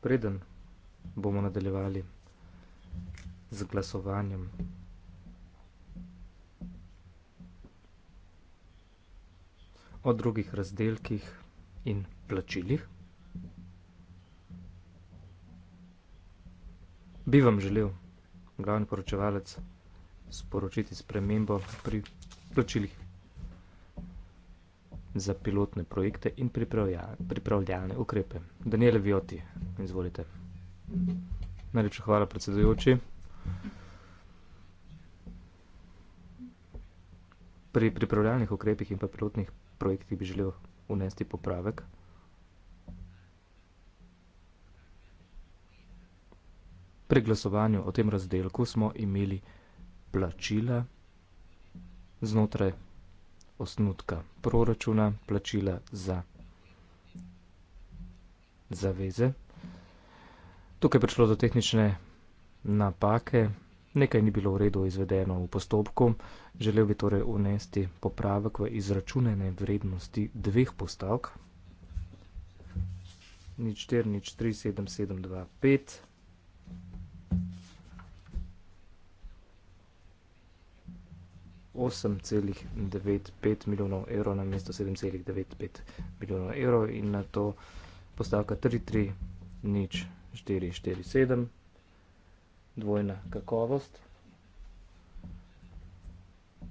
preden bomo nadaljevali z glasovanjem. O drugih razdelkih in plačilih. Bi vam želel, glavni poročevalec, sporočiti spremembo pri plačilih za pilotne projekte in pripravljalne ukrepe. Daniel Vioti, izvolite. Najlepša hvala, predsedujoči. Pri pripravljalnih ukrepih in pa pilotnih projektih bi želel unesti popravek. Pri glasovanju o tem razdelku smo imeli plačila znotraj osnutka proračuna, plačila za zaveze. Tukaj je prišlo do tehnične napake, nekaj ni bilo v redu izvedeno v postopku, želel bi torej unesti popravek v izračunene vrednosti dveh postavk. Nič 4, nič 3, 7, 7, 2, 5. 8,95 milijonov evrov na mesto 7,95 milijonov evrov in na to postavka 33447, dvojna kakovost,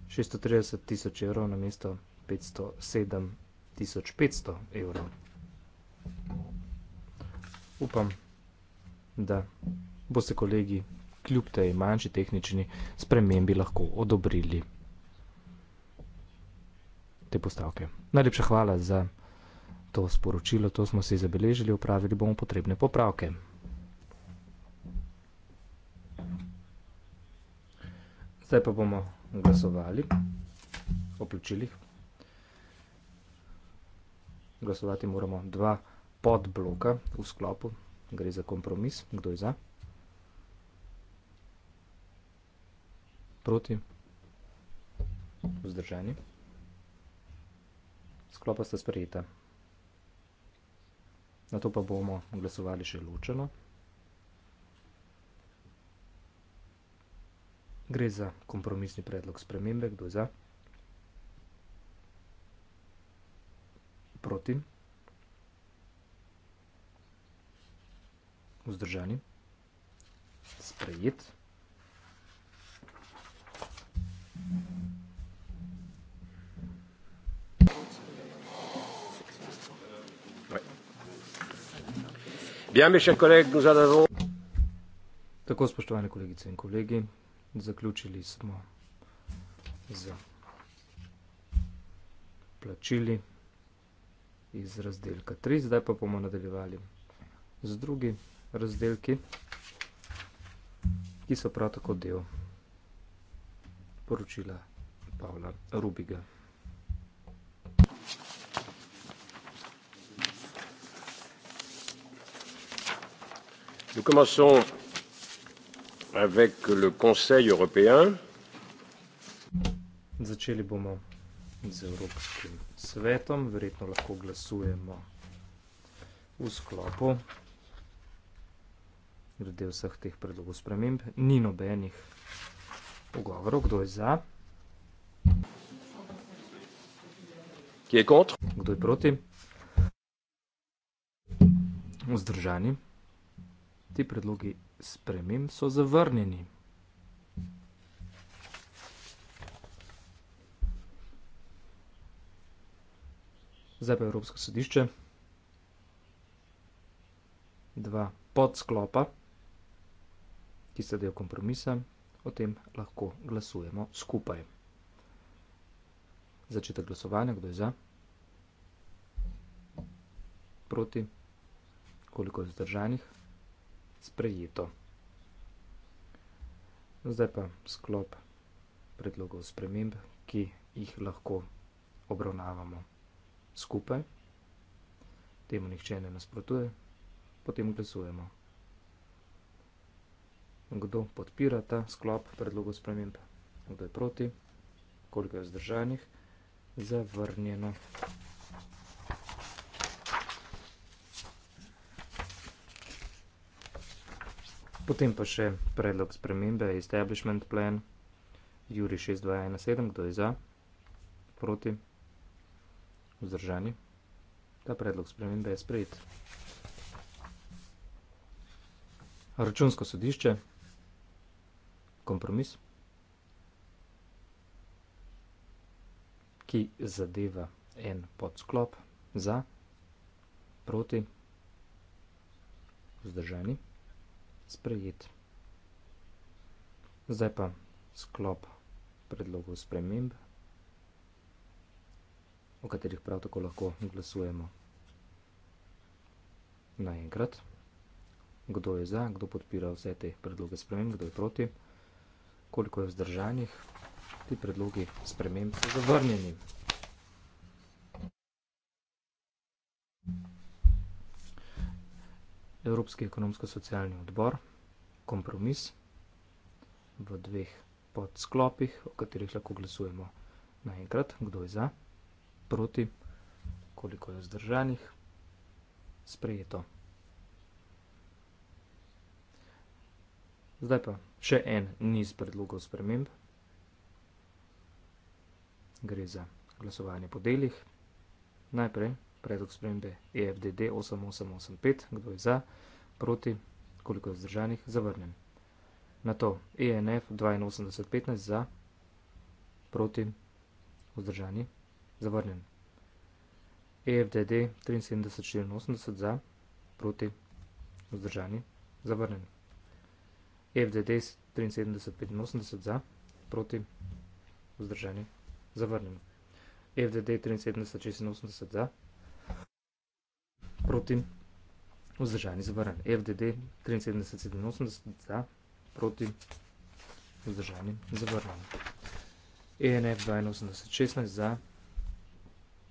630 tisoč evrov na mesto 507 tisoč 500 evrov. Upam, da boste kolegi kljub tej manjši tehnični spremembi lahko odobrili te postavke. Najlepša hvala za to sporočilo, to smo si zabeležili, upravili bomo potrebne popravke. Zdaj pa bomo glasovali o plačilih. Glasovati moramo dva podbloka v sklopu. Gre za kompromis. Kdo je za? Proti? Vzdržanje sklopa sta sprejeta. Na to pa bomo glasovali še ločeno. Gre za kompromisni predlog spremembe, kdo je za? Proti? Vzdržani? Sprejet? Thank mm -hmm. you. Tako, spoštovane kolegice in kolegi, zaključili smo z plačili iz razdelka 3, zdaj pa bomo nadaljevali z drugi razdelki, ki so prav tako del poročila Pavla Rubiga. nous commençons avec le conseil européen začeli bomo z evropskim svetom verjetno lahko glasujemo v sklopu glede vseh teh predlogov sprememb ni nobenih ugovorov kdo je za Qui est contre? Vzdržani ti predlogi sprememb so zavrnjeni. Zdaj pa Evropsko sodišče. Dva podsklopa, ki sta del kompromisa, o tem lahko glasujemo skupaj. Začetek glasovanja, kdo je za? Proti? Koliko je zdržanih? sprejeto. Zdaj pa sklop predlogov sprememb, ki jih lahko obravnavamo skupaj. Temu nihče ne nasprotuje, potem glasujemo. Kdo podpira ta sklop predlogov sprememb? Kdo je proti? Koliko je zdržanih? Zavrnjeno. Potem pa še predlog spremembe establishment plan, Juri 6217, kdo je za, proti, vzdržani. Ta predlog spremembe je sprejet. Računsko sodišče, kompromis, ki zadeva en podsklop za, proti, vzdržani sprejet. Zdaj pa sklop predlogov sprememb, o katerih prav tako lahko glasujemo naenkrat. Kdo je za, kdo podpira vse te predloge sprememb, kdo je proti, koliko je vzdržanih, ti predlogi sprememb so zavrnjeni. Evropski ekonomsko-socialni odbor, kompromis v dveh podsklopih, o katerih lahko glasujemo naenkrat, kdo je za, proti, koliko je vzdržanih, sprejeto. Zdaj pa še en niz predlogov sprememb. Gre za glasovanje po delih. Najprej predlog spremembe EFDD 8885, kdo je za, proti, koliko je zdržanih, zavrnem. Na to ENF 8215 za, proti, vzdržani, zavrnem. EFDD 7384 za, proti, vzdržani, zavrnem. EFDD 7385 za, proti, vzdržani, zavrnem. EFDD 7386 za, proti, vzdržani zavaran. FDD 73,87 za, proti, vzdržani zavaran. ENF 82,16 za,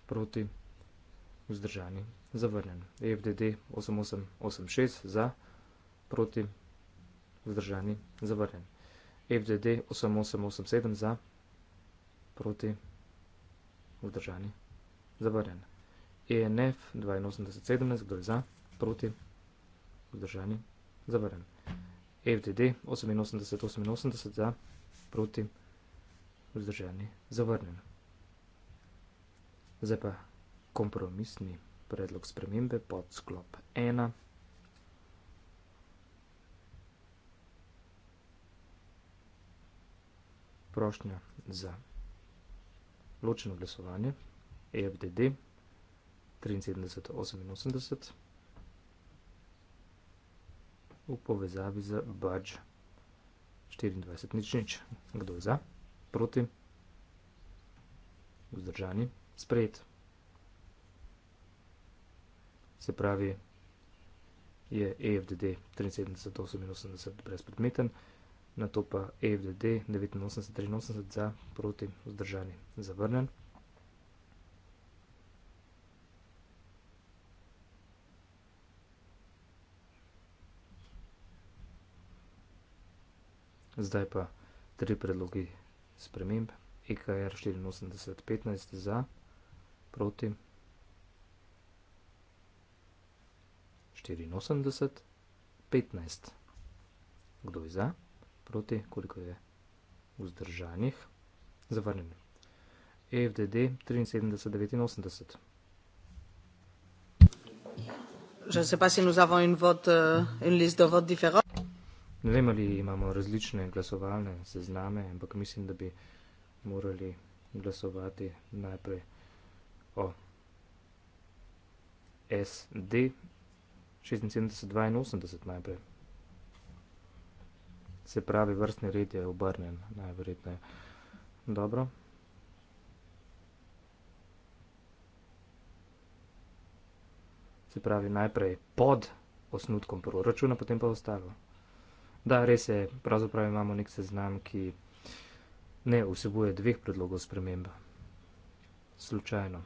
proti, vzdržani zavaran. FDD 88,86 za, proti, vzdržani zavaran. FDD 8887 za, proti, vzdržani zavaran. ENF 8217, kdo je za, proti, vzdržani, zavaren. FDD 8888, za, proti, vzdržani, zavrnen. Zdaj pa kompromisni predlog spremembe pod sklop 1. Prošnja za ločeno glasovanje EFDD 73, 88 v povezavi za badge 24, nič, nič. Kdo je za? Proti? Vzdržani? Sprejet. Se pravi, je EFDD 73, 88 brezpredmeten, na to pa EFDD 89, 83 za, proti, vzdržani, zavrnen. Zdaj pa tri predlogi sprememb. EKR 84-15 za, proti 84-15. Kdo je za, proti, koliko je vzdržanih, zavrnjeno. EFDD 73-89. Je ne sais pas si nous avons une vote, euh, une liste de votes différente. Ne vem, ali imamo različne glasovalne sezname, ampak mislim, da bi morali glasovati najprej o SD 76-82 najprej. Se pravi, vrstni red je obrnen, najverjetneje. Dobro. Se pravi, najprej pod osnutkom proračuna, potem pa ostalo. Da, res je, pravzaprav imamo nek seznam, ki ne vsebuje dveh predlogov sprememba. Slučajno.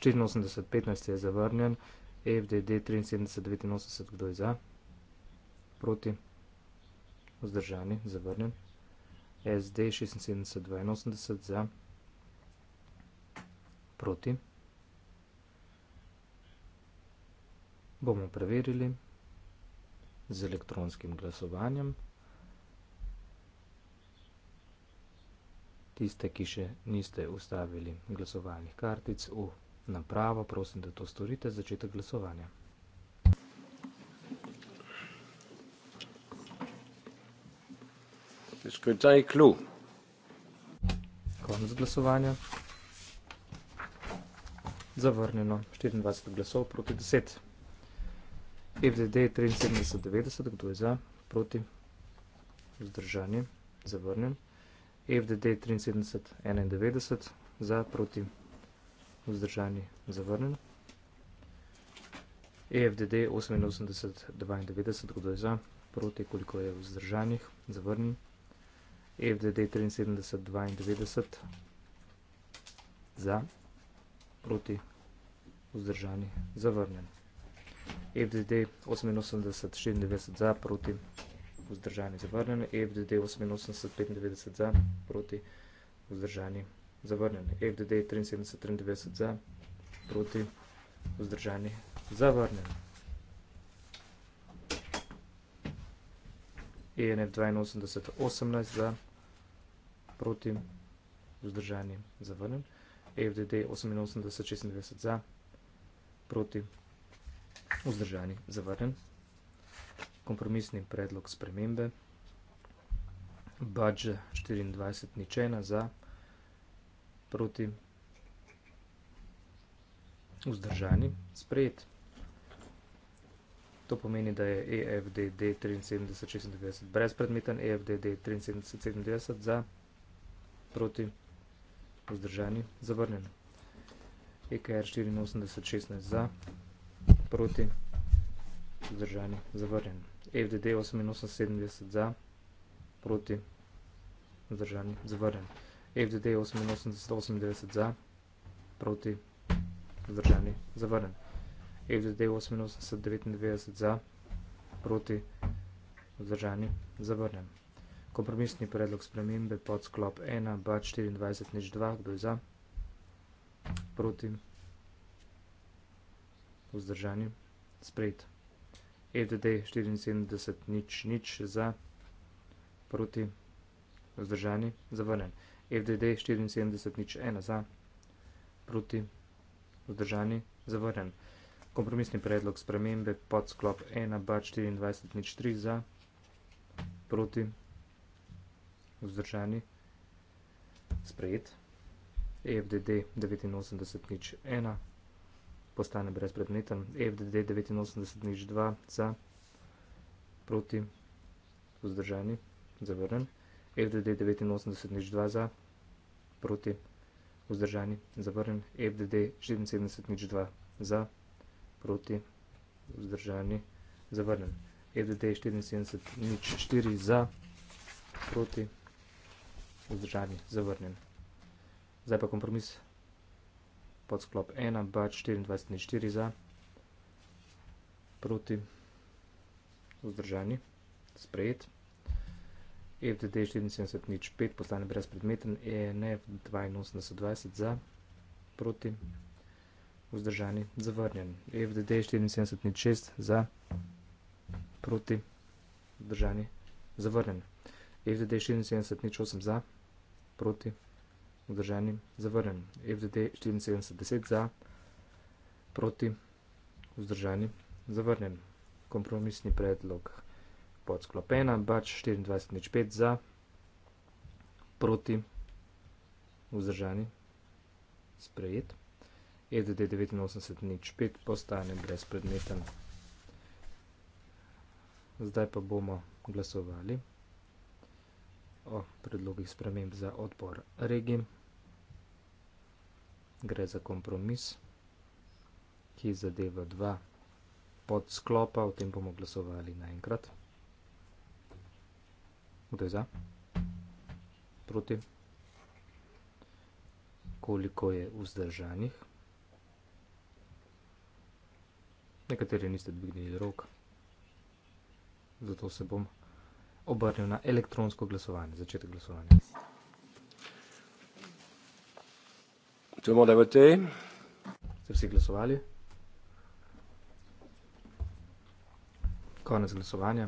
84-15 je zavrnjen, e FDD 73-89, kdo je za? Proti? Vzdržani, zavrnjen. SD 76-82 za? Proti? Bomo preverili z elektronskim glasovanjem. Tiste, ki še niste ustavili glasovalnih kartic v napravo, prosim, da to storite začetek glasovanja. Izkrcaj klu. Konec glasovanja. Zavrnjeno 24 glasov proti 10. FDD 7390, kdo je za, proti, vzdržanje, zavrnjen. FDD 7391, za, proti, vzdržanje, zavrnjen. EFDD 8892, kdo je za, proti, koliko je vzdržanjih, zavrnjen. EFDD 7392, za, proti, vzdržanjih, zavrnjen. FDD 88, 94 za, proti, vzdržani, zavrnjeni. FDD 88, 95 za, proti, vzdržani, zavrnjeni. FDD 73, 93 za, proti, vzdržani, zavrnjeni. ENF 82, 18 za, proti, vzdržani, zavrnjeni. FDD 88, 96 za, proti, vzdržani, zavrnjeni vzdržani, zavrnjen. Kompromisni predlog spremembe. Budž 24 ničena za, proti, vzdržani, sprejet. To pomeni, da je EFDD 73-96 brezpredmeten, EFDD 73-97 za, proti, vzdržani, zavrnjen. EKR 84-16 za, proti proti, vzdržani, zavrjen. FDD 8.87 za, proti, vzdržani, zavrjen. FDD 8.98 za, proti, vzdržani, zavrjen. FDD 8.99 za, proti, vzdržani, zavrjen. Kompromisni predlog spremembe pod sklop 1, BAT 24, nič 2, kdo je za, proti, vzdržani, zavrjen vzdržanje, sprejet. FDD e 74, nič, nič, za, proti, vzdržanje, zavrnen. FDD e 74, nič, ena, za, proti, vzdržanje, zavrnen. Kompromisni predlog spremembe pod sklop 1, bar 24, nič, 3, za, proti, vzdržanje, sprejet. FDD e 89, nič, ena, proti, vzdržanje, zavrnen postane brezpredmeten. FDD e 89-2 za, proti, vzdržani, zavrnen. FDD 89-2 za, proti, vzdržani, zavrnen. FDD 76-2 za, proti, vzdržani, zavrnen. FDD 74-4 za, proti, vzdržani, zavrnen. Zdaj pa kompromis podsklop 1, bač 24.4 za, proti, vzdržani, sprejet, FDD 74.5 postane brezpredmeten, ENF 82.20 za, proti, vzdržani, zavrnjen, FDD 74.6 za, proti, vzdržani, zavrnjen, FDD 74.8 za, proti, vzdržani, vzdržani, zavrnjen. FDD 7410 za, proti, vzdržani, zavrnjen. Kompromisni predlog pod sklopena, bač 24.5 za, proti, vzdržani, sprejet. FDD 89.5 postane brezpredmeten. Zdaj pa bomo glasovali o predlogih sprememb za odbor regim gre za kompromis, ki zadeva dva podsklopa, o tem bomo glasovali naenkrat. Kdo je za? Proti? Koliko je vzdržanih? Nekateri niste dvignili rok, zato se bom obrnil na elektronsko glasovanje, začetek glasovanja. Tout le monde a voté. Vsi glasovali. Konec glasovanja.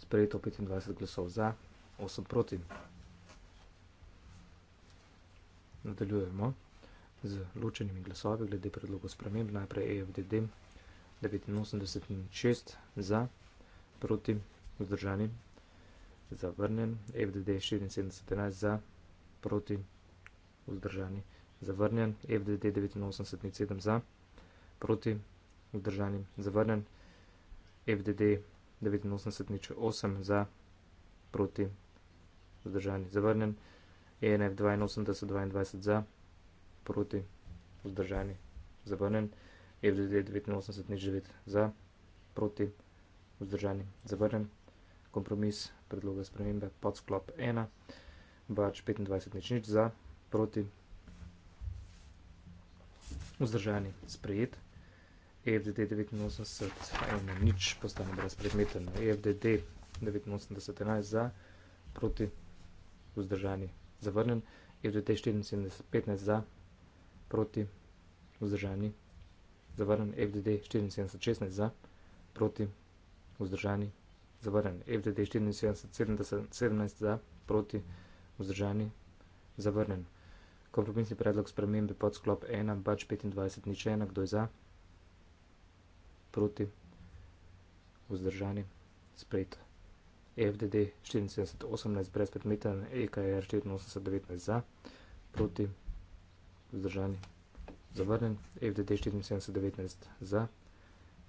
Sprejeto 25 glasov za, 8 proti. Nadaljujemo z ločenimi glasovi glede predlogov sprememb. Najprej EFDD 86 za, proti, vzdržani, zavrnjen. EFDD 76 za, proti, vzdržani. Zavrnjen. FDD 897 za. Proti. Vdržani. Zavrnjen. FDD 898 za. Proti. Vzdržani. Zavrnjen. ENF 82 22 za. Proti. Vzdržani. Zavrnjen. E FDD 89 za. Proti. Vzdržani. Zavrnjen. Kompromis predloga spremembe podsklop 1. Bač 25 nič nič za. Proti. Vzdržani vzdržani, sprejet. EFDD 89, nič postane brezpredmeten. EFDD 89, za, proti, vzdržani, zavrnen. EFDD 74, 15, za, proti, vzdržani, zavrnen. EFDD 74, 16, za, proti, vzdržani, zavrnen. EFDD 74, 17, za, proti, vzdržani, zavrnen kompromisni predlog spremembe pod sklop 1, pač 25, nič ena, kdo je za, proti, vzdržani, sprejet. FDD 7418 brez predmeta, EKR 7419 za, proti, vzdržani, zavrnen. FDD 7419 za,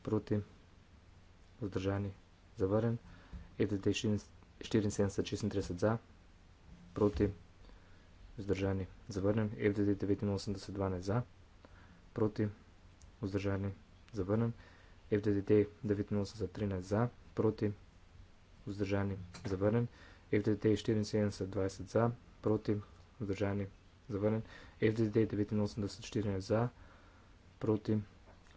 proti, vzdržani, zavrnen. FDD 7416 za, proti, vzdržani. Vzdržani, zavrnem. FDD 89-12 za. Proti. Vzdržani, zavrnem. FDD 89-13 za. Proti. Vzdržani, zavrnem. FDD 74-20 za. Proti. Vzdržani, zavrnem. FDD 89-14 za. Proti.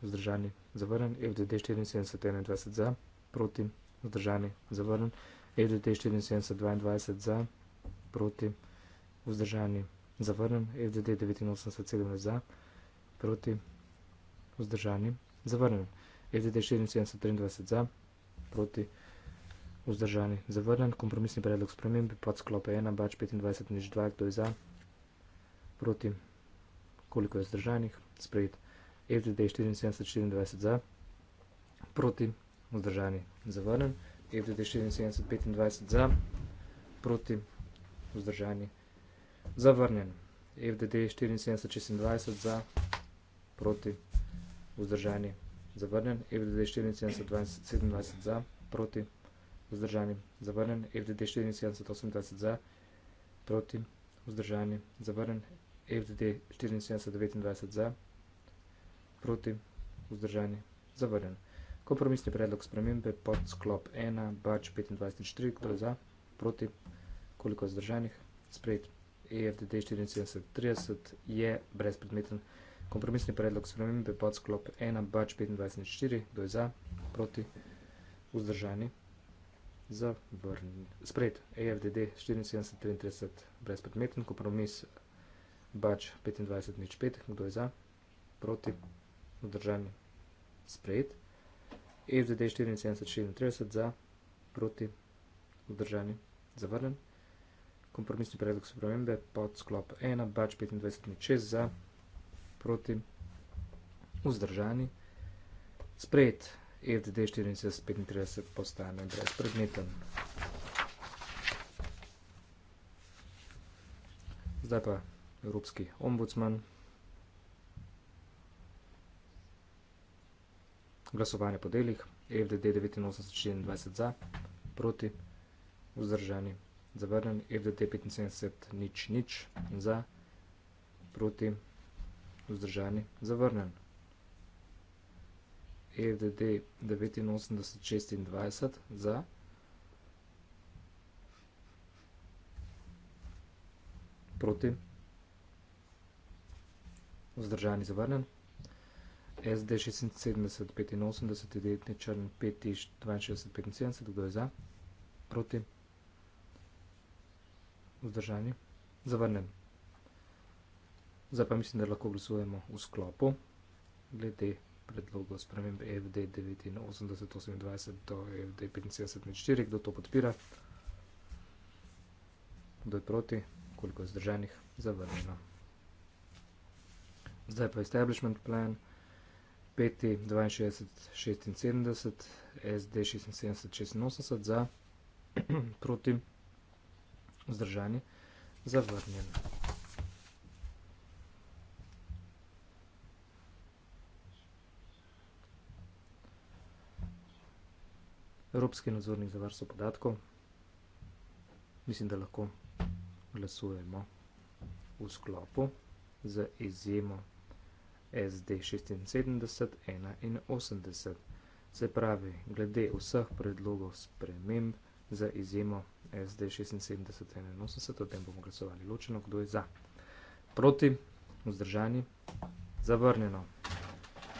Vzdržani, zavrnem. FDD 74-21 za. Proti. Vzdržani, zavrnem. FDD 74-22 za. Proti. Vzdržani, zavrnem. Vzdržani zavrnem. FDD 89,7 za. Proti. Vzdržani zavrnem. FDD 74,23 za. Proti. Vzdržani zavrnem. Kompromisni predlog spremembi pod sklope 1, bač 25 nič 2, kdo je za. Proti. Koliko je vzdržanih? Sprejet. FDD 74,24 za. Proti. Vzdržani zavrnem. FDD 74,25 za. Proti. Vzdržani zavrnem zavrnjen. FDD 74-26 za, proti, vzdržani, zavrnjen. FDD 74-27 za, proti, vzdržani, zavrnjen. FDD 74-28 za, proti, vzdržani, zavrnjen. FDD 74-29 za, proti, vzdržani, zavrnjen. Kompromisni predlog spremembe pod sklop 1, bač 25-4, kdo je za, proti, koliko je zdržanih, sprejeti. EFDD 7430 je brezpredmeten. Kompromisni predlog spremembe pod sklop 1 bač 25.4, kdo je za, proti, vzdržani, za vrn. Spred EFDD 7433 brezpredmeten, kompromis bač 25.5, kdo je za, proti, vzdržani, spred. EFDD 7434 za, proti, vzdržani, zavrnen kompromisni predlog spremembe pod sklop 1, bač 25 ni čez za, proti, vzdržani, sprejet e FDD 4735 postane brez predmetem. Zdaj pa Evropski ombudsman. Glasovanje po delih, e FDD 89 za, proti, vzdržani, zavrnjen, FDT 75, nič, nič, za, proti, vzdržani, zavrnjen. FDD 89-26 za proti vzdržani zavrnen SD 76-85 idetni črn 5-62-75 kdo je za proti vzdržani, zavrnem. Zdaj pa mislim, da lahko glasujemo v sklopu glede predlogo spremembe FD e 89-28 do FD e 75-4, kdo to podpira, kdo je proti, koliko je zdržanih, zavrnjeno. Zdaj pa establishment plan 5-62-76, SD 76-86 za, proti, proti, vzdržani, zavrnjen. Evropski nadzornik za varstvo podatkov. Mislim, da lahko glasujemo v sklopu z izjemo SD 76, 81. Se pravi, glede vseh predlogov spremembe, za izjemo SD 76 81, o tem bomo glasovali ločeno, kdo je za. Proti, vzdržani, zavrnjeno.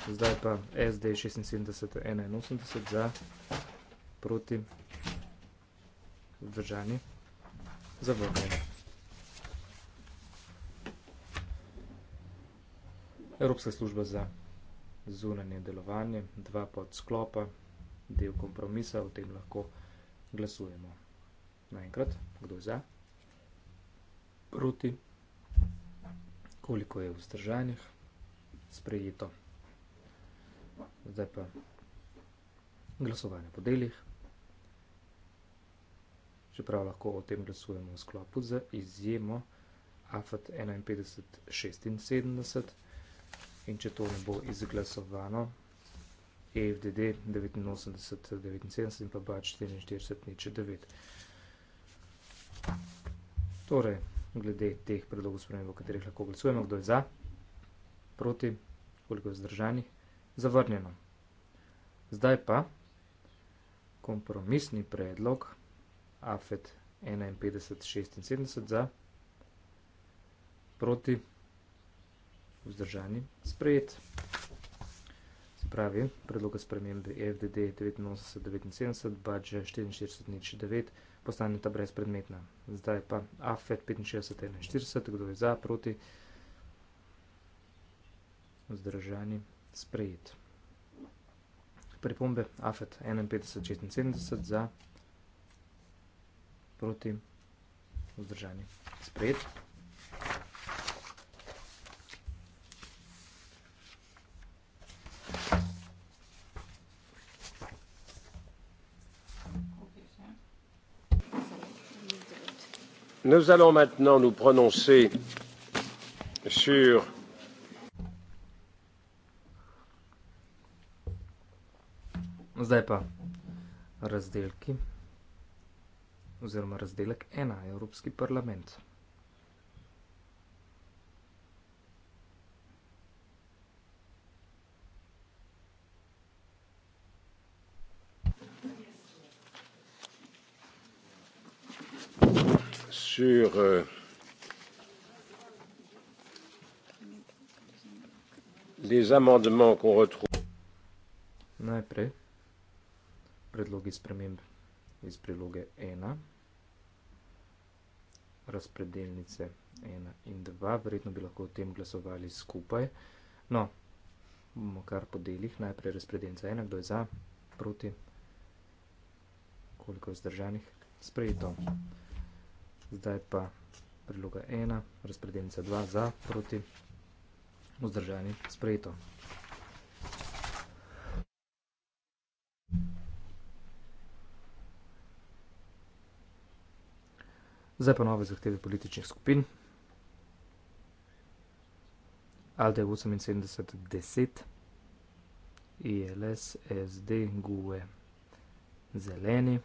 Zdaj pa SD 76 81 za, proti, vzdržani, zavrnjeno. Evropska služba za zunanje delovanje, dva podsklopa, del kompromisa, o tem lahko vzdržani glasujemo. Naenkrat, kdo je za, proti, koliko je vzdržanih, sprejeto. Zdaj pa glasovanje po delih. Čeprav lahko o tem glasujemo v sklopu za izjemo AFAT 51.76 in če to ne bo izglasovano, EFDD 89, 79 in pa BAT 44, 9. Torej, glede teh predlogov sprememb, o katerih lahko glasujemo, kdo je za, proti, koliko je zdržanih, zavrnjeno. Zdaj pa kompromisni predlog AFET 51, 76 za, proti, vzdržani, sprejet pravi predloga spremembe FDD 89-79, badge 44-9, postane ta brezpredmetna. Zdaj pa AFED 65-41, kdo je za, proti, vzdržani, sprejet. Pripombe AFED 51-76, za, proti, vzdržani, sprejet. nous allons maintenant nous prononcer sur zdaj pa razdelki oziroma razdelek ena evropski parlament. sur euh, les amendements qu'on retrouve. Najprej predlogi sprememb iz priloge 1, razpredelnice 1 in 2. Verjetno bi lahko o tem glasovali skupaj. No, bomo kar po delih. Najprej razpredelnica 1, kdo je za, proti, koliko je zdržanih. Sprejeto zdaj pa priloga 1, razpredeljnica 2 za, proti, vzdržani sprejeto. Zdaj pa nove zahteve političnih skupin. ALDE 7810, ILS, SD, GUE, ZELENI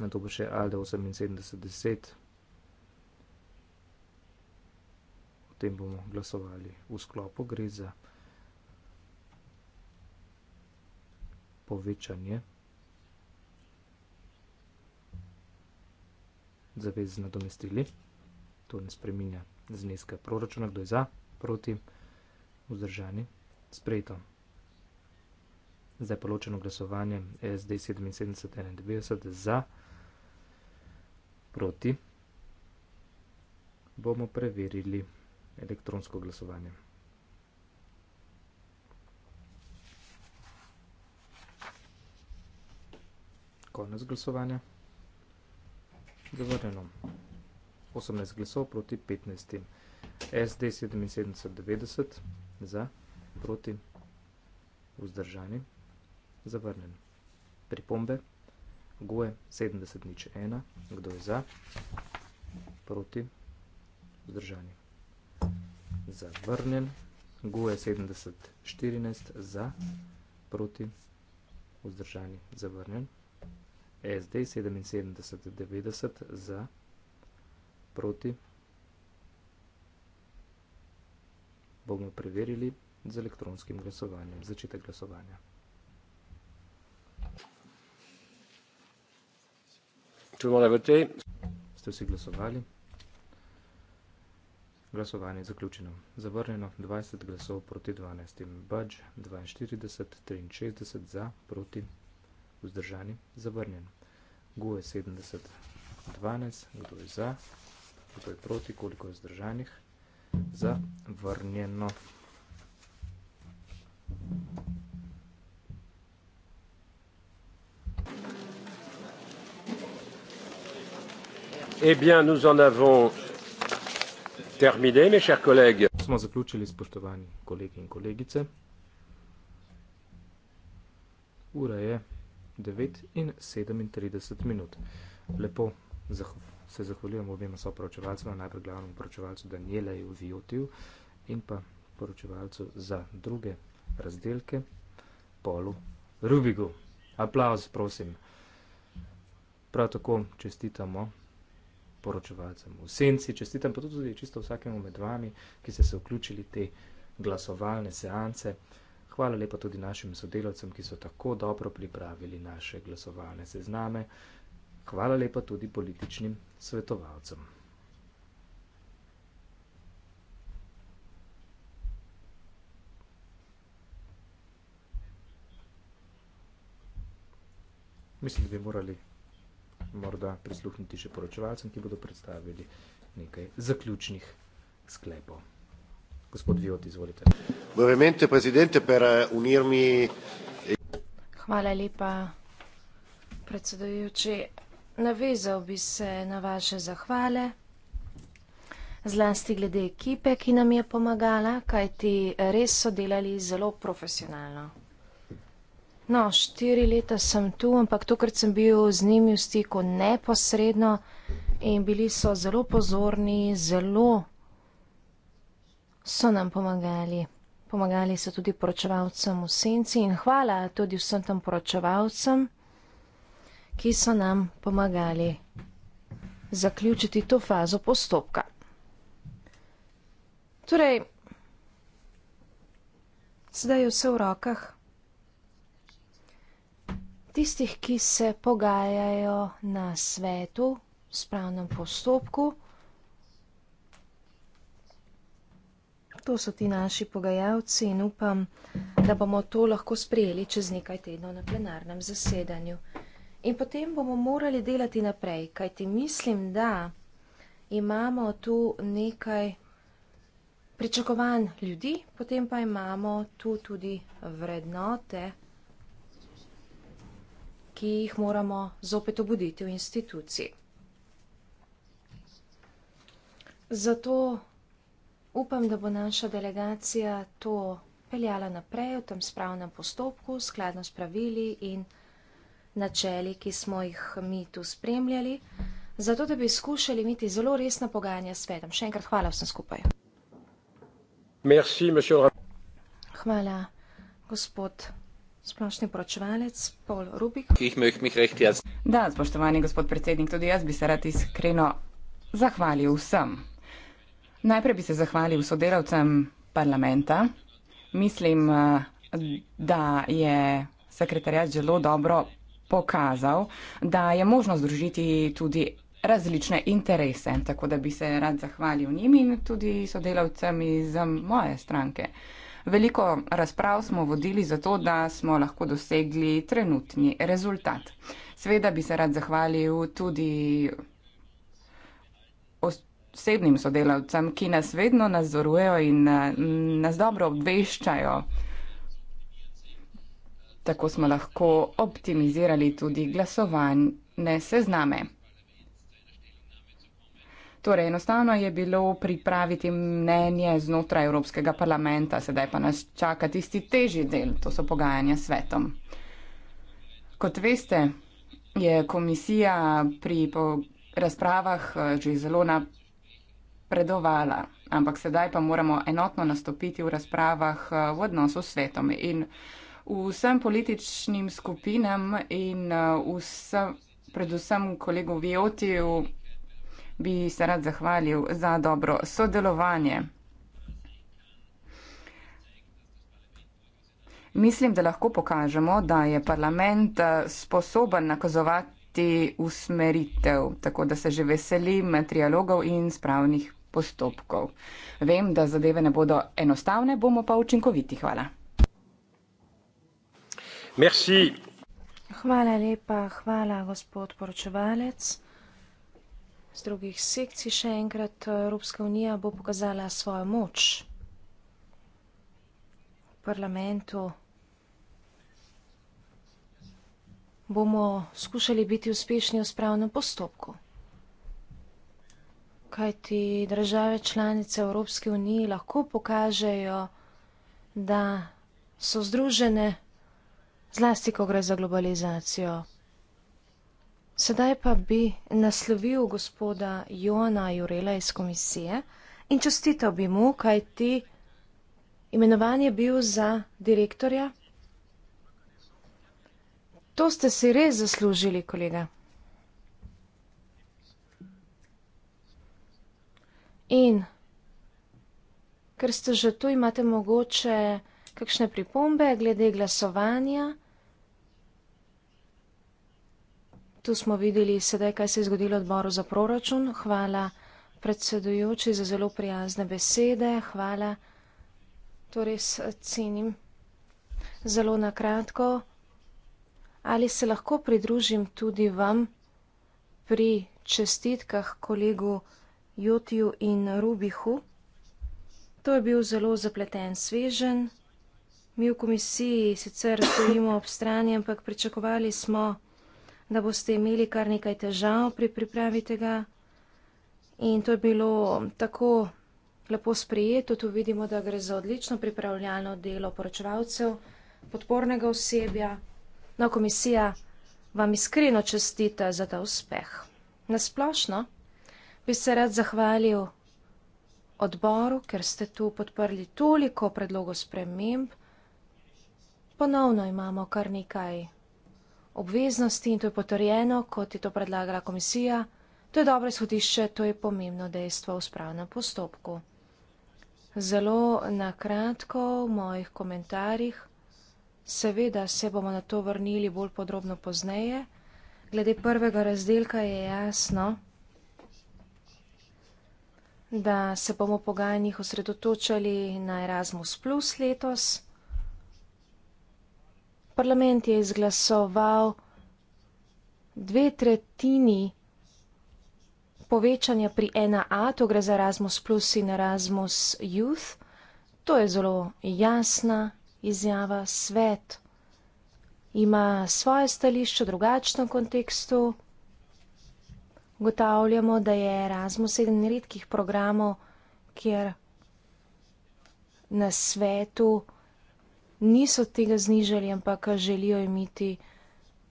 na to pa še ALDE 7810. O tem bomo glasovali v sklopu, gre za povečanje zavez z nadomestili. To ne spreminja zneska proračuna, kdo je za, proti, vzdržani, sprejeto. Zdaj pa ločeno glasovanje SD 7791 za proračuna proti, bomo preverili elektronsko glasovanje. Konec glasovanja. Zavrjeno. 18 glasov proti 15. SD 7790 za proti vzdržani. Zavrnen. Pripombe. Goje 70 nič 1. Kdo je za? Proti. Zdržanje. Zavrnjen. Goje 70 14. Za. Proti. Vzdržanje. Zavrnjen. SD 77 90. Za. Proti. Bomo preverili z elektronskim glasovanjem. Začetek glasovanja. Ste vsi glasovali? Glasovanje je zaključeno. Zavrnjeno 20 glasov proti 12. Budž 42, 63 za, proti, vzdržani, zavrnjen. Gu je 70, 12, kdo je za, kdo je proti, koliko je vzdržanih, zavrnjeno. Zavrnjeno. Eh bien, nous en avons terminé, mes chers collègues. Smo zaključili, spoštovani kolegi in kolegice. Ura je 9 in 37 minut. Lepo se zahvaljujem obima soporočevalcema, najprej glavnemu poročevalcu Daniela Jovijotiju in pa poročevalcu za druge razdelke Polu Rubigu. Aplauz, prosim. Prav tako čestitamo poročevalcem v senci. Čestitam pa tudi čisto vsakemu med vami, ki ste se vključili te glasovalne seance. Hvala lepa tudi našim sodelovcem, ki so tako dobro pripravili naše glasovalne sezname. Hvala lepa tudi političnim svetovalcem. Mislim, da bi morali morda prisluhniti še poročevalcem, ki bodo predstavili nekaj zaključnih sklepov. Gospod Vijot, izvolite. Bovemente, prezidente, per eh, unirmi. Hvala lepa, predsedujoči. Navezal bi se na vaše zahvale, zlasti glede ekipe, ki nam je pomagala, kajti res so delali zelo profesionalno. No, štiri leta sem tu, ampak tokrat sem bil z njimi v stiku neposredno in bili so zelo pozorni, zelo so nam pomagali. Pomagali so tudi poročevalcem v senci in hvala tudi vsem tam poročevalcem, ki so nam pomagali zaključiti to fazo postopka. Torej, sedaj je vse v rokah tistih, ki se pogajajo na svetu, v spravnem postopku. To so ti naši pogajalci in upam, da bomo to lahko sprejeli čez nekaj tednov na plenarnem zasedanju. In potem bomo morali delati naprej, kajti mislim, da imamo tu nekaj pričakovanj ljudi, potem pa imamo tu tudi vrednote ki jih moramo zopet obuditi v instituciji. Zato upam, da bo naša delegacija to peljala naprej v tem spravnem postopku, skladno s pravili in načeli, ki smo jih mi tu spremljali, zato da bi skušali imeti zelo resna pogajanja s svetom. Še enkrat hvala vsem skupaj. Merci, hvala, gospod. Splošni poročevalec Paul Rubik. Da, spoštovani gospod predsednik, tudi jaz bi se rad iskreno zahvalil vsem. Najprej bi se zahvalil sodelavcem parlamenta. Mislim, eh, da je sekretarjat zelo dobro pokazal, da je možno združiti tudi različne interese, tako da bi se rad zahvalil njim in tudi sodelavcem iz eh, moje stranke. Veliko razprav smo vodili zato, da smo lahko dosegli trenutni rezultat. Sveda bi se rad zahvalil tudi osebnim sodelavcem, ki nas vedno nadzorujejo in mm, nas dobro obveščajo. Tako smo lahko optimizirali tudi glasovanje. Ne, se zname. Torej, enostavno je bilo pripraviti mnenje znotraj Evropskega parlamenta, sedaj pa nas čaka tisti težji del, to so pogajanja s svetom. Kot veste, je komisija pri razpravah eh, že zelo napredovala, ampak sedaj pa moramo enotno nastopiti v razpravah eh, v odnosu s svetom in vsem političnim skupinam in eh, vsem, predvsem kolegu Viotiju bi se rad zahvalil za dobro sodelovanje. Mislim, da lahko pokažemo, da je parlament eh, sposoben nakazovati usmeritev, tako da se že veselim trialogov in spravnih postopkov. Vem, da zadeve ne bodo enostavne, bomo pa učinkoviti. Hvala. Merci. Hvala lepa, hvala gospod poročevalec z drugih sekcij še enkrat Evropska unija bo pokazala svojo moč v parlamentu. Bomo skušali biti uspešni v spravnem postopku. Kaj ti države članice Evropske unije lahko pokažejo, da so združene, zlasti, ko gre za globalizacijo. Sedaj pa bi naslovil gospoda Joana Jurela iz komisije in čestital bi mu, kaj ti imenovanje je bil za direktorja. To ste si res zaslužili, kolega. In ker ste že tu, imate mogoče kakšne pripombe glede glasovanja. Tu smo videli sedaj, kaj se je zgodilo odboru za proračun. Hvala predsedujoči za zelo prijazne besede. Hvala. To res eh, cenim. Zelo nakratko. Ali se lahko pridružim tudi vam pri čestitkah kolegu Jotiju in Rubihu? To je bil zelo zapleten svežen. Mi v komisiji sicer stojimo ob strani, ampak pričakovali smo, da boste imeli kar nekaj težav pri pripravi tega. In to je bilo tako lepo sprejeto, tu vidimo, da gre za odlično pripravljalno delo poročevalcev, podpornega osebja. No, komisija vam iskreno čestita za ta uspeh. Nasplošno bi se rad zahvalil odboru, ker ste tu podprli toliko predlogov sprememb. Ponovno imamo kar nekaj obveznosti in to je potrjeno, kot je to predlagala komisija. To je dobro izhodišče, to je pomembno dejstvo v spravnem postopku. Zelo na kratko v mojih komentarjih. Seveda se bomo na to vrnili bolj podrobno pozneje. Glede prvega razdelka je jasno, da se bomo pogajanjih osredotočali na Erasmus Plus letos. Parlament je izglasoval dve tretjini povečanja pri 1A, to gre za Erasmus Plus in Erasmus Youth. To je zelo jasna izjava. Svet ima svoje stališče v drugačnem kontekstu. Gotavljamo, da je Erasmus eden redkih programov, kjer na svetu niso tega znižali, ampak želijo imeti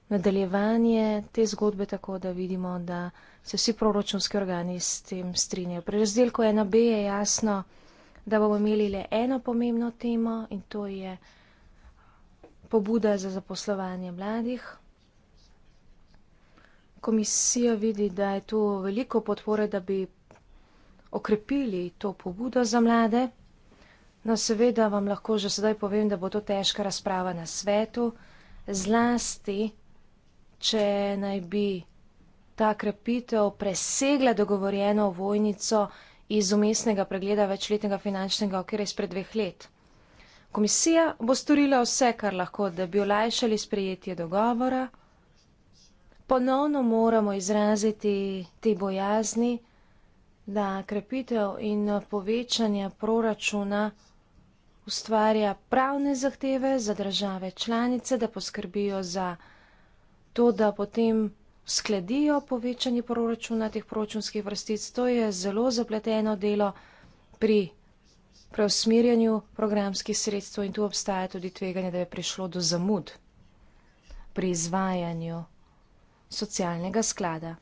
nadaljevanje te zgodbe tako, da vidimo, da se vsi proračunski organi s tem strinjajo. Pri razdelku 1B je jasno, da bomo imeli le eno pomembno temo in to je pobuda za zaposlovanje mladih. Komisija vidi, da je tu veliko podpore, da bi okrepili to pobudo za mlade. No, seveda vam lahko že sedaj povem, da bo to težka razprava na svetu, zlasti, če naj bi ta krepitev presegla dogovorjeno vojnico iz umestnega pregleda večletnega finančnega okvira izpred dveh let. Komisija bo storila vse, kar lahko, da bi olajšali sprejetje dogovora. Ponovno moramo izraziti te bojazni, da krepitev in povečanje proračuna ustvarja pravne zahteve za države članice, da poskrbijo za to, da potem skladijo povečanje proračuna teh proračunskih vrstic. To je zelo zapleteno delo pri preusmirjanju programskih sredstev in tu obstaja tudi tveganje, da je prišlo do zamud pri izvajanju socialnega sklada.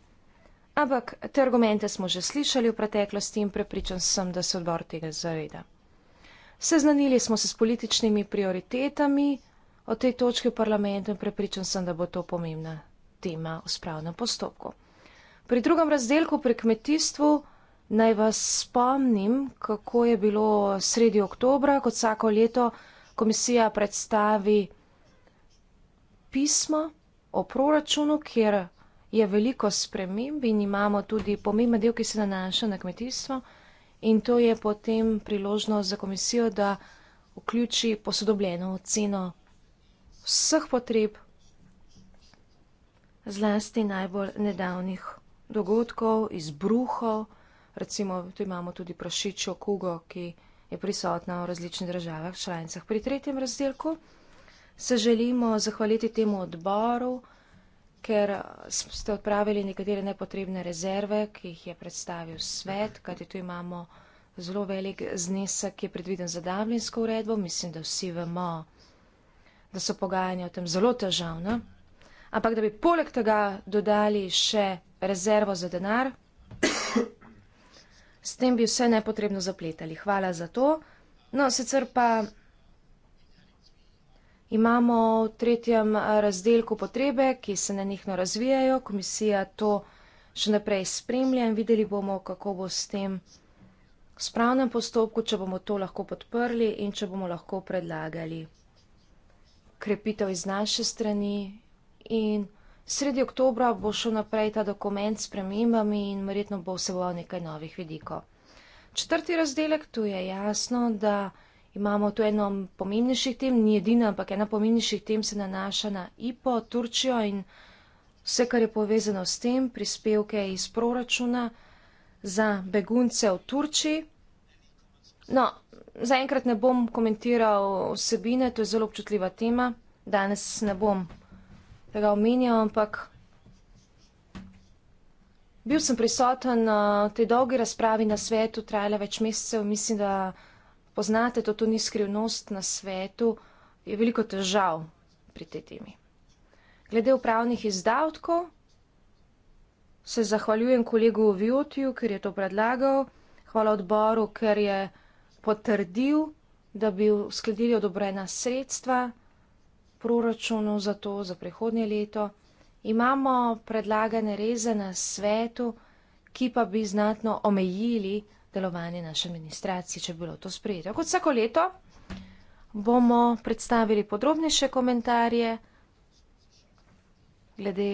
Ampak te argumente smo že slišali v preteklosti in prepričan sem, da se odbor tega zaveda. Seznanili smo se s političnimi prioritetami o tej točki v parlamentu in prepričan sem, da bo to pomembna tema v spravnem postopku. Pri drugem razdelku pri kmetijstvu naj vas spomnim, kako je bilo sredi oktobra, kot vsako leto komisija predstavi pismo o proračunu, kjer je veliko sprememb in imamo tudi pomemben del, ki se nanaša na kmetijstvo in to je potem priložnost za komisijo, da vključi posodobljeno oceno vseh potreb, zlasti najbolj nedavnih dogodkov, izbruhov, recimo tu imamo tudi prašičjo kugo, ki je prisotna v različnih državah, članicah. Pri tretjem razdelku se želimo zahvaliti temu odboru, ker eh, ste odpravili nekatere nepotrebne rezerve, ki jih je predstavil svet, kajti tu imamo zelo velik znesek, ki je predviden za davljinsko uredbo. Mislim, da vsi vemo, da so pogajanja o tem zelo težavna. Ampak da bi poleg tega dodali še rezervo za denar, s tem bi vse nepotrebno zapletali. Hvala za to. No, sicer pa. Imamo v tretjem eh, razdelku potrebe, ki se nenihno razvijajo. Komisija to še naprej spremlja in videli bomo, kako bo s tem spravnem postopku, če bomo to lahko podprli in če bomo lahko predlagali krepitev iz naše strani. In sredi oktobra bo šel naprej ta dokument s premembami in verjetno bo vseboval nekaj novih vidikov. Četrti razdelek, tu je jasno, da. Imamo tu eno pomembnejših tem, ni edina, ampak ena pomembnejših tem se nanaša na IPO, Turčijo in vse, kar je povezano s tem, prispevke iz proračuna za begunce v Turčiji. No, zaenkrat ne bom komentiral vsebine, to je zelo občutljiva tema. Danes ne bom tega omenjal, ampak bil sem prisoten na eh, tej dolgi razpravi na svetu, trajala več mesecev, mislim, da poznate to, to ni skrivnost na svetu, je veliko težav pri tej temi. Glede upravnih izdavkov se zahvaljujem kolegu Vjotju, ker je to predlagal, hvala odboru, ker je potrdil, da bi uskladili odobrena sredstva proračunu za to, za prihodnje leto. Imamo predlagane reze na svetu, ki pa bi znatno omejili, delovanje naše ministracije, če bi bilo to sprejeto. Kot vsako leto bomo predstavili podrobnejše komentarje glede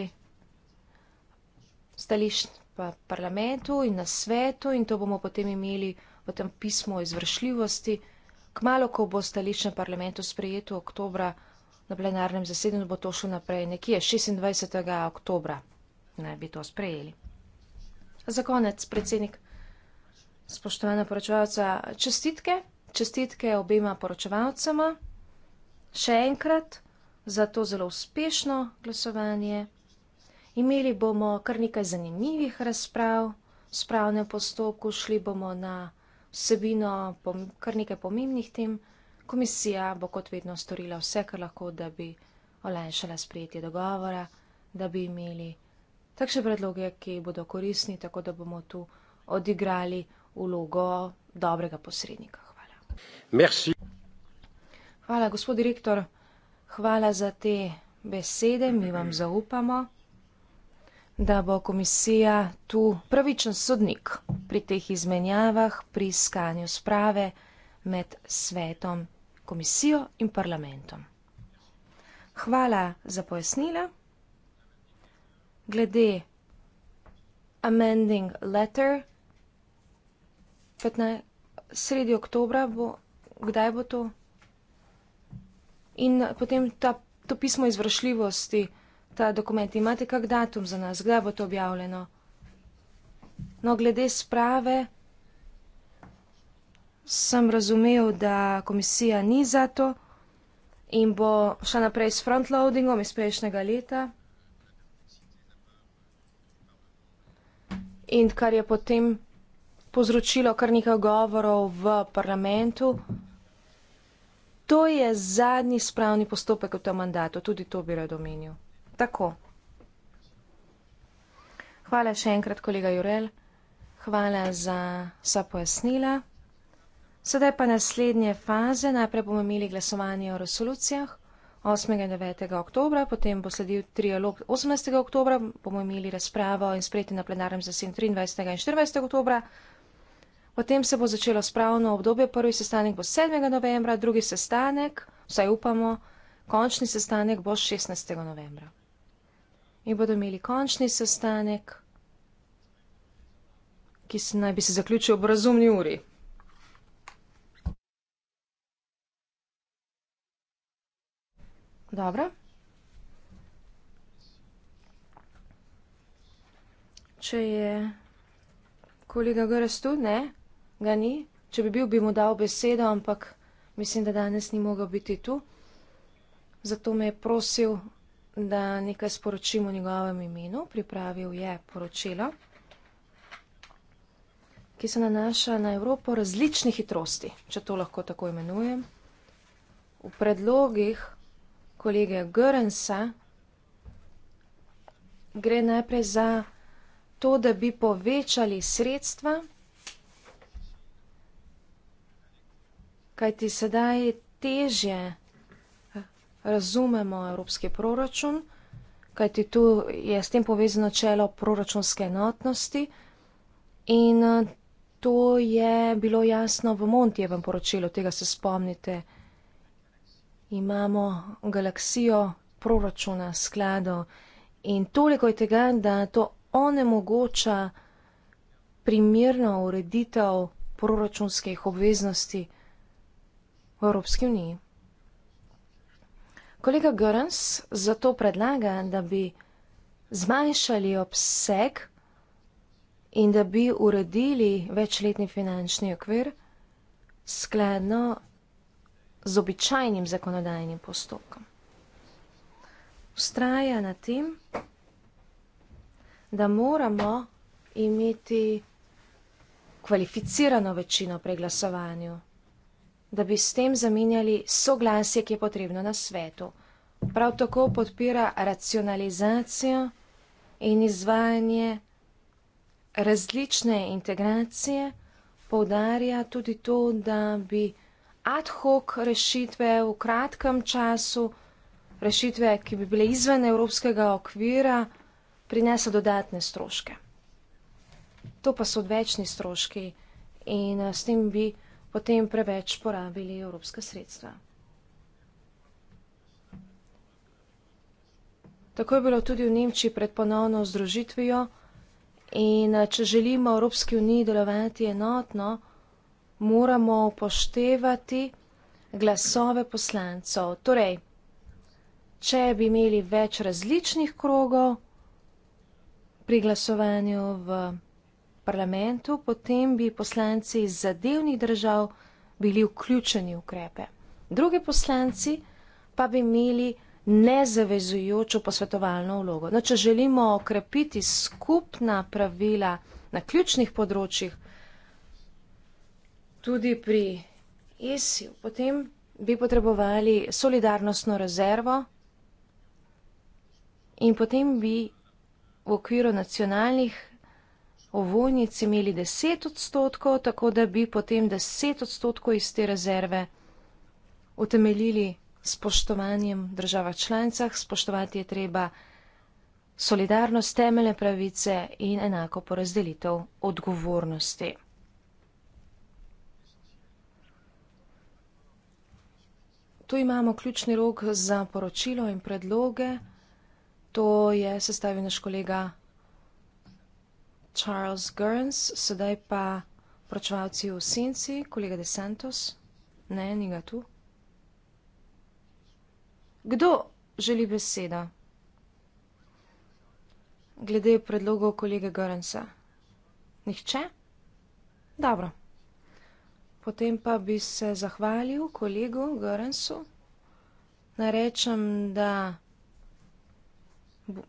stališč v parlamentu in na svetu in to bomo potem imeli v tem pismu o izvršljivosti. Kmalo, ko bo stališče na parlamentu sprejeto oktobra na plenarnem zasedanju, bo to šlo naprej nekje 26. oktobra. Naj bi to sprejeli. Za konec, predsednik. Spoštovana poročevalca, čestitke, čestitke obema poročevalcema, še enkrat za to zelo uspešno glasovanje. Imeli bomo kar nekaj zanimivih razprav v spravnem postopku, šli bomo na vsebino kar nekaj pomembnih tem. Komisija bo kot vedno storila vse, kar lahko, da bi olajšala sprejetje dogovora, da bi imeli takšne predloge, ki bodo koristni, tako da bomo tu odigrali vlogo dobrega posrednika. Hvala. Merci. Hvala, gospod direktor. Hvala za te besede. Mi vam zaupamo, da bo komisija tu pravičen sodnik pri teh izmenjavah, pri iskanju sprave med svetom, komisijo in parlamentom. Hvala za pojasnila. Glede amending letter. 15, sredi oktobra, bo, kdaj bo to? In potem ta, to pismo izvršljivosti, ta dokument, imate kak datum za nas, kdaj bo to objavljeno? No, glede sprave sem razumel, da komisija ni za to in bo šla naprej s frontloadingom iz prejšnjega leta. In kar je potem povzročilo kar nekaj govorov v parlamentu. To je zadnji spravni postopek v tem mandatu, tudi to bi rad omenil. Tako. Hvala še enkrat, kolega Jurel. Hvala za vsa pojasnila. Sedaj pa naslednje faze. Najprej bomo imeli glasovanje o resolucijah 8. in 9. oktobra, potem bo sledil trialog 18. oktobra, bomo imeli razpravo in sprejeti na plenarnem zasedanju 23. in 24. oktobra. Potem se bo začelo spravno obdobje, prvi sestanek bo 7. novembra, drugi sestanek, vsaj upamo, končni sestanek bo 16. novembra. In bodo imeli končni sestanek, ki se naj bi se zaključil ob razumni uri. Dobro. Če je kolega Gorestu, ne? ga ni. Če bi bil, bi mu dal besedo, ampak mislim, da danes ni mogel biti tu. Zato me je prosil, da nekaj sporočim v njegovem imenu. Pripravil je poročilo, ki se nanaša na Evropo različnih hitrosti, če to lahko tako imenujem. V predlogih kolege Görensa gre najprej za to, da bi povečali sredstva kaj ti sedaj težje razumemo evropski proračun, kaj ti tu je s tem povezano čelo proračunske enotnosti in to je bilo jasno v Montjevem poročilu, tega se spomnite. Imamo galaksijo proračuna, sklado in toliko je tega, da to onemogoča primirno ureditev proračunskih obveznosti v Evropski uniji. Kolega Görns zato predlaga, da bi zmanjšali obseg in da bi uredili večletni finančni okvir skladno z običajnim zakonodajnim postopkom. Ustraja na tem, da moramo imeti kvalificirano večino pri glasovanju da bi s tem zamenjali soglasje, ki je potrebno na svetu. Prav tako podpira racionalizacijo in izvajanje različne integracije, poudarja tudi to, da bi ad hoc rešitve v kratkem času, rešitve, ki bi bile izven evropskega okvira, prinesla dodatne stroške. To pa so odvečni stroški in eh, s tem bi potem preveč porabili evropska sredstva. Tako je bilo tudi v Nemčiji pred ponovno združitvijo in eh, če želimo v Evropski uniji delovati enotno, moramo upoštevati glasove poslancov. Torej, če bi imeli več različnih krogov pri glasovanju v parlamentu, potem bi poslanci iz zadevnih držav bili vključeni v ukrepe. Drugi poslanci pa bi imeli nezavezujočo posvetovalno vlogo. No, če želimo okrepiti skupna pravila na ključnih področjih, tudi pri ESIV, potem bi potrebovali solidarnostno rezervo in potem bi v okviru nacionalnih ovojnic imeli 10 odstotkov, tako da bi potem 10 odstotkov iz te rezerve utemeljili spoštovanjem država članicah, spoštovati je treba solidarnost temeljne pravice in enako porazdelitev odgovornosti. Tu imamo ključni rok za poročilo in predloge. To je sestavil naš kolega Charles Gurns, sedaj pa pročevalci v Sinci, kolega De Santos. Ne, ni ga tu. Kdo želi besedo? Glede predlogov kolega Gurnsa. Nihče? Dobro. Potem pa bi se zahvalil kolegu Gurnsu. Narečem, da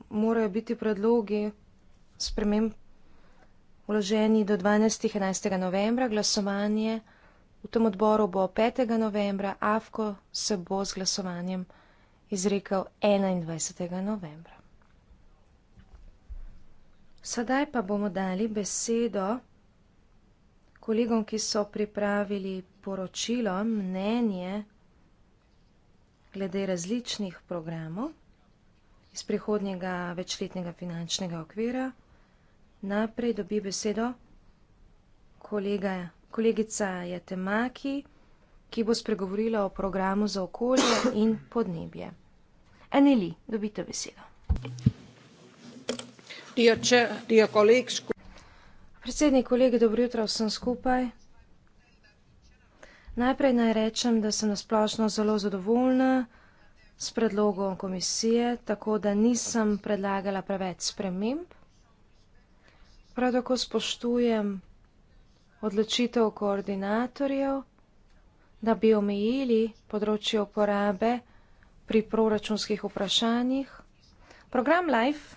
morajo biti predlogi sprememb vloženi do 12. 11. novembra. Glasovanje v tem odboru bo 5. novembra, AFKO se bo z glasovanjem izrekel 21. novembra. Sedaj pa bomo dali besedo kolegom, ki so pripravili poročilo, mnenje glede različnih programov iz prihodnjega večletnega finančnega okvira 2021-2027. Najprej dobi besedo kolega, kolegica Jatemaki, ki bo spregovorila o programu za okolje in podnebje. Eneli, dobite besedo. Dio če, dio koleg, šku... Predsednik kolegi, dobro jutro vsem skupaj. Najprej naj rečem, da sem nasplošno zelo zadovoljna s predlogom komisije, tako da nisem predlagala preveč sprememb. Prav tako spoštujem odločitev koordinatorjev, da bi omejili področje uporabe pri proračunskih vprašanjih. Program Life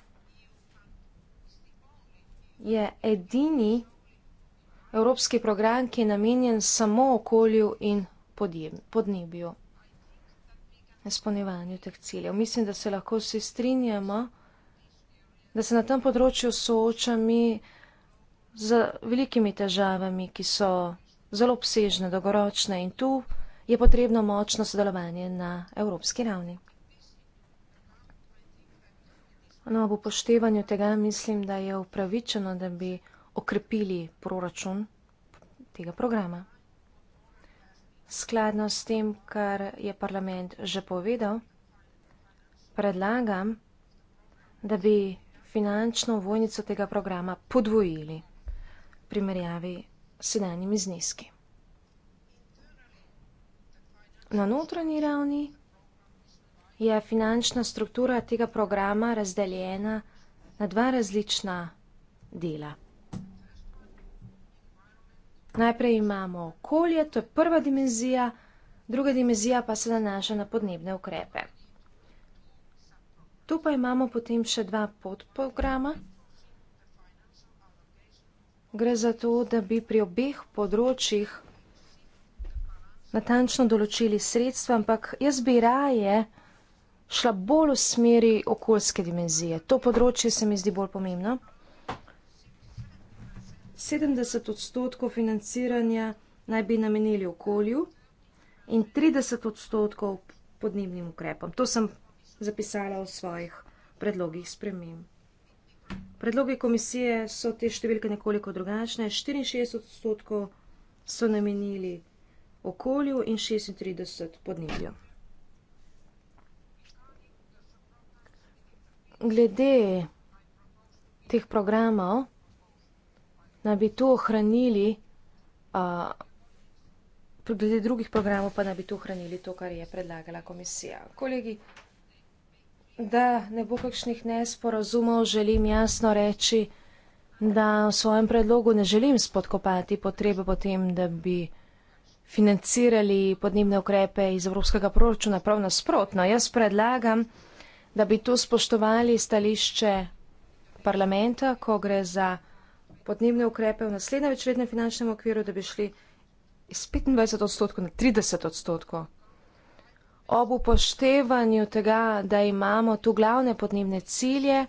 je edini evropski program, ki je namenjen samo okolju in podnebju, izpolnjevanju teh ciljev. Mislim, da se lahko vsi strinjamo da se na tem področju soočami z velikimi težavami, ki so zelo obsežne, dolgoročne in tu je potrebno močno sodelovanje na evropski ravni. No, ob upoštevanju tega mislim, da je upravičeno, da bi okrepili proračun tega programa. Skladno s tem, kar je parlament že povedal, predlagam, da bi finančno vojnico tega programa podvojili v primerjavi s sedanjimi zneski. Na notranji ravni je finančna struktura tega programa razdeljena na dva različna dela. Najprej imamo okolje, to je prva dimenzija, druga dimenzija pa se nanaša na podnebne ukrepe. Tu pa imamo potem še dva podprograma. Gre za to, da bi pri obeh področjih natančno določili sredstva, ampak jaz bi raje šla bolj v smeri okoljske dimenzije. To področje se mi zdi bolj pomembno. 70 odstotkov financiranja naj bi namenili okolju in 30 odstotkov podnebnim ukrepom. To sem zapisala v svojih predlogih spremem. Predlogi komisije so te številke nekoliko drugačne. 64 odstotkov so namenili okolju in 36 podnebju. Glede teh programov, naj bi to ohranili, glede drugih programov pa naj bi to ohranili, to, kar je predlagala komisija. Kolegi, da ne bo kakšnih nesporazumov, želim jasno reči, da v svojem predlogu ne želim spodkopati potrebe potem, da bi financirali podnebne ukrepe iz evropskega proračuna. Prav nasprotno, jaz predlagam, da bi to spoštovali stališče parlamenta, ko gre za podnebne ukrepe v naslednjem večletnem finančnem okviru, da bi šli iz 25 odstotkov na 30 odstotkov ob upoštevanju tega, da imamo tu glavne podnebne cilje,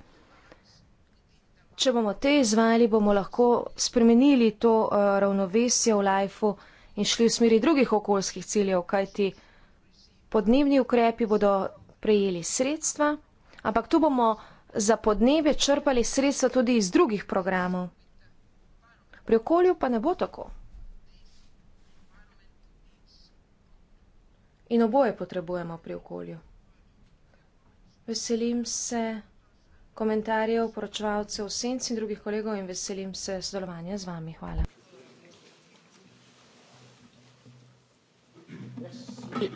če bomo te izvajali, bomo lahko spremenili to eh, ravnovesje v lajfu in šli v smeri drugih okoljskih ciljev, kajti podnebni ukrepi bodo prejeli sredstva, ampak tu bomo za podnebje črpali sredstva tudi iz drugih programov. Pri okolju pa ne bo tako. In oboje potrebujemo pri okolju. Veselim se komentarjev, poročevalcev, senc in drugih kolegov in veselim se sodelovanja z vami. Hvala.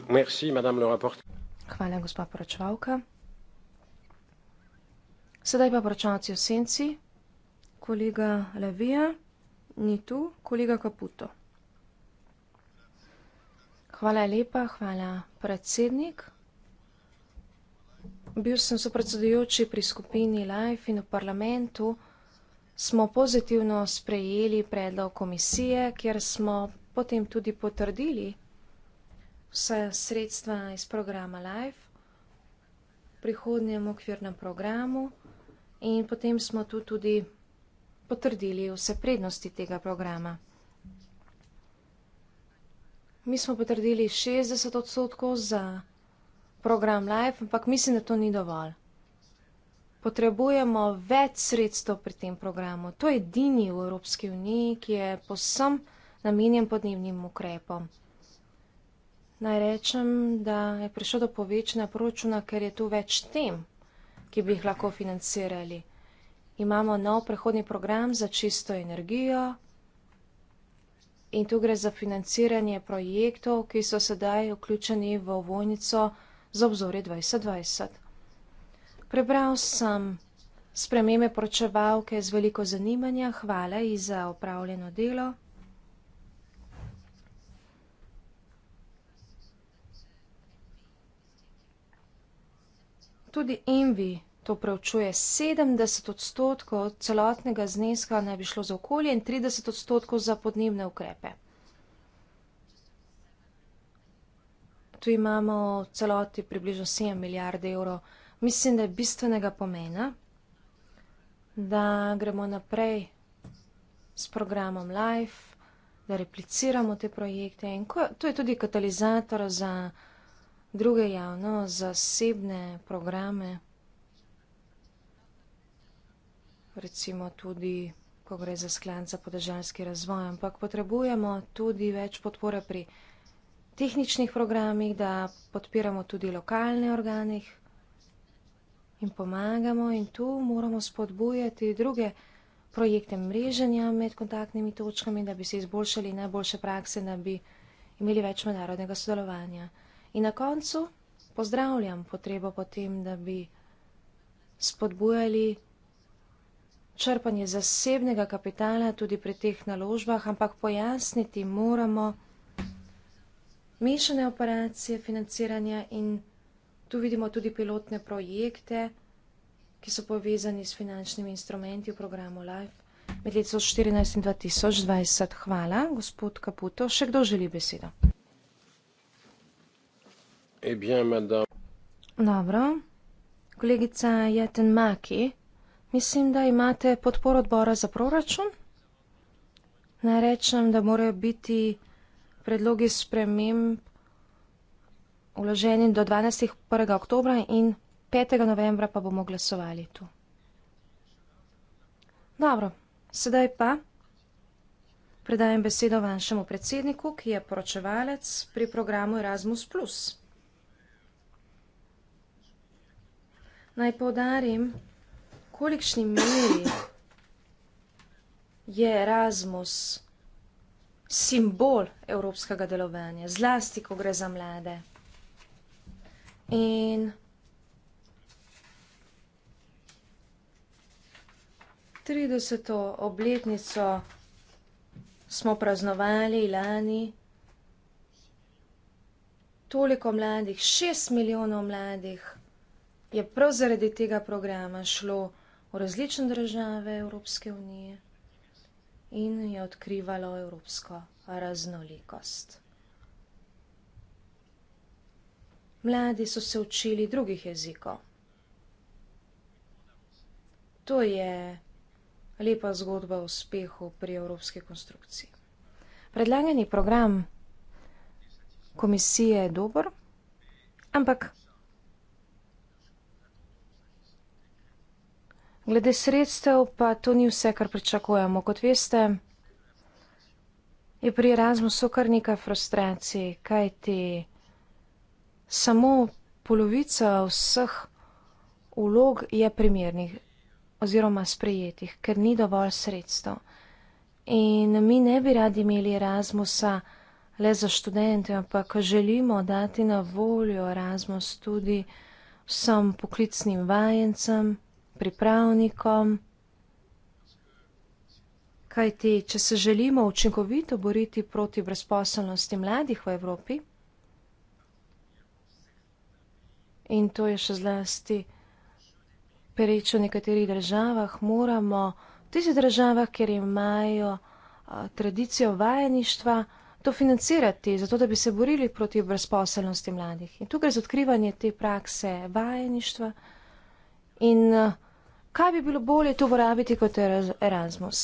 Merci, madame le rapporteur. Hvala, gospa poročevalka. Sedaj pa poročevalci v senci. Kolega Levija ni tu, kolega Kaputo. Hvala lepa, hvala predsednik. Bil sem so predsedujoči pri skupini LIFE in v parlamentu. Smo pozitivno sprejeli predlog komisije, kjer smo potem tudi potrdili vse sredstva iz programa LIFE, prihodnjem okvirnem programu in potem smo tu tudi potrdili vse prednosti tega programa mi smo potrdili 60 odstotkov za program Life, ampak mislim, da to ni dovolj. Potrebujemo več sredstev pri tem programu. To je edini v Evropski uniji, ki je posem namenjen podnebnim ukrepom. Naj rečem, da je prišlo do povečanja proračuna, ker je tu več tem, ki bi jih lahko financirali. Imamo nov prehodni program za čisto energijo, in tu gre za financiranje projektov, ki so sedaj vključeni v vojnico za obzorje 2020. Prebral sem spremembe pročevalke z veliko zanimanja, hvala ji za opravljeno delo. Tudi Envi to preučuje, 70 odstotkov celotnega zneska naj bi šlo za okolje in 30 odstotkov za podnebne ukrepe. Tu imamo v celoti približno 7 milijard evrov. Mislim, da je bistvenega pomena, da gremo naprej s programom LIFE, da repliciramo te projekte. In ko, to je tudi katalizator za druge javno, zasebne programe recimo tudi, ko gre za sklen za podeželjski razvoj, ampak potrebujemo tudi več podpore pri tehničnih programih, da podpiramo tudi lokalne organih in pomagamo in tu moramo spodbujati druge projekte mreženja med kontaktnimi točkami, da bi se izboljšali najboljše prakse, da bi imeli več mednarodnega sodelovanja. In na koncu pozdravljam potrebo potem, da bi spodbujali črpanje zasebnega kapitala tudi pri teh naložbah, ampak pojasniti moramo mešane operacije financiranja in tu vidimo tudi pilotne projekte, ki so povezani s finančnimi instrumenti v programu LIFE med leto 2014 in 2020. Hvala, gospod Kaputo. Še kdo želi besedo? Eh bien, madame. Dobro. Kolegica Jeten Maki. Mislim, da imate podporo odbora za proračun. Naj rečem, da morajo biti predlogi sprememb uloženi do 12. 1. oktobra in 5. novembra pa bomo glasovali tu. Dobro, sedaj pa predajem besedo vašemu predsedniku, ki je poročevalec pri programu Erasmus. Naj povdarim, kolikšni meri je Erasmus simbol evropskega delovanja, zlasti, ko gre za mlade. In trideseto obletnico smo praznovali lani, toliko mladih, šest milijonov mladih je prav zaradi tega programa šlo v v različne države Evropske unije in je odkrivalo evropsko raznolikost. Mladi so se učili drugih jezikov. To je lepa zgodba o uspehu pri evropski konstrukciji. Predlagani program komisije je dober, ampak Glede sredstev pa to ni vse, kar pričakujemo. Kot veste, je pri Erasmusu kar nekaj frustracij, kajti samo polovica vseh ulog je primernih oziroma sprejetih, ker ni dovolj sredstev. In mi ne bi radi imeli Erasmusa le za študente, ampak želimo dati na voljo Erasmus tudi vsem poklicnim vajencem pripravnikom. Kajti, če se želimo učinkovito boriti proti brezposelnosti mladih v Evropi, in to je še zlasti pereče v nekaterih državah, moramo v tistih državah, kjer imajo a, tradicijo vajeništva, to financirati, zato da bi se borili proti brezposelnosti mladih. In tukaj je za odkrivanje te prakse vajeništva in a, kaj bi bilo bolje to uporabiti kot Erasmus.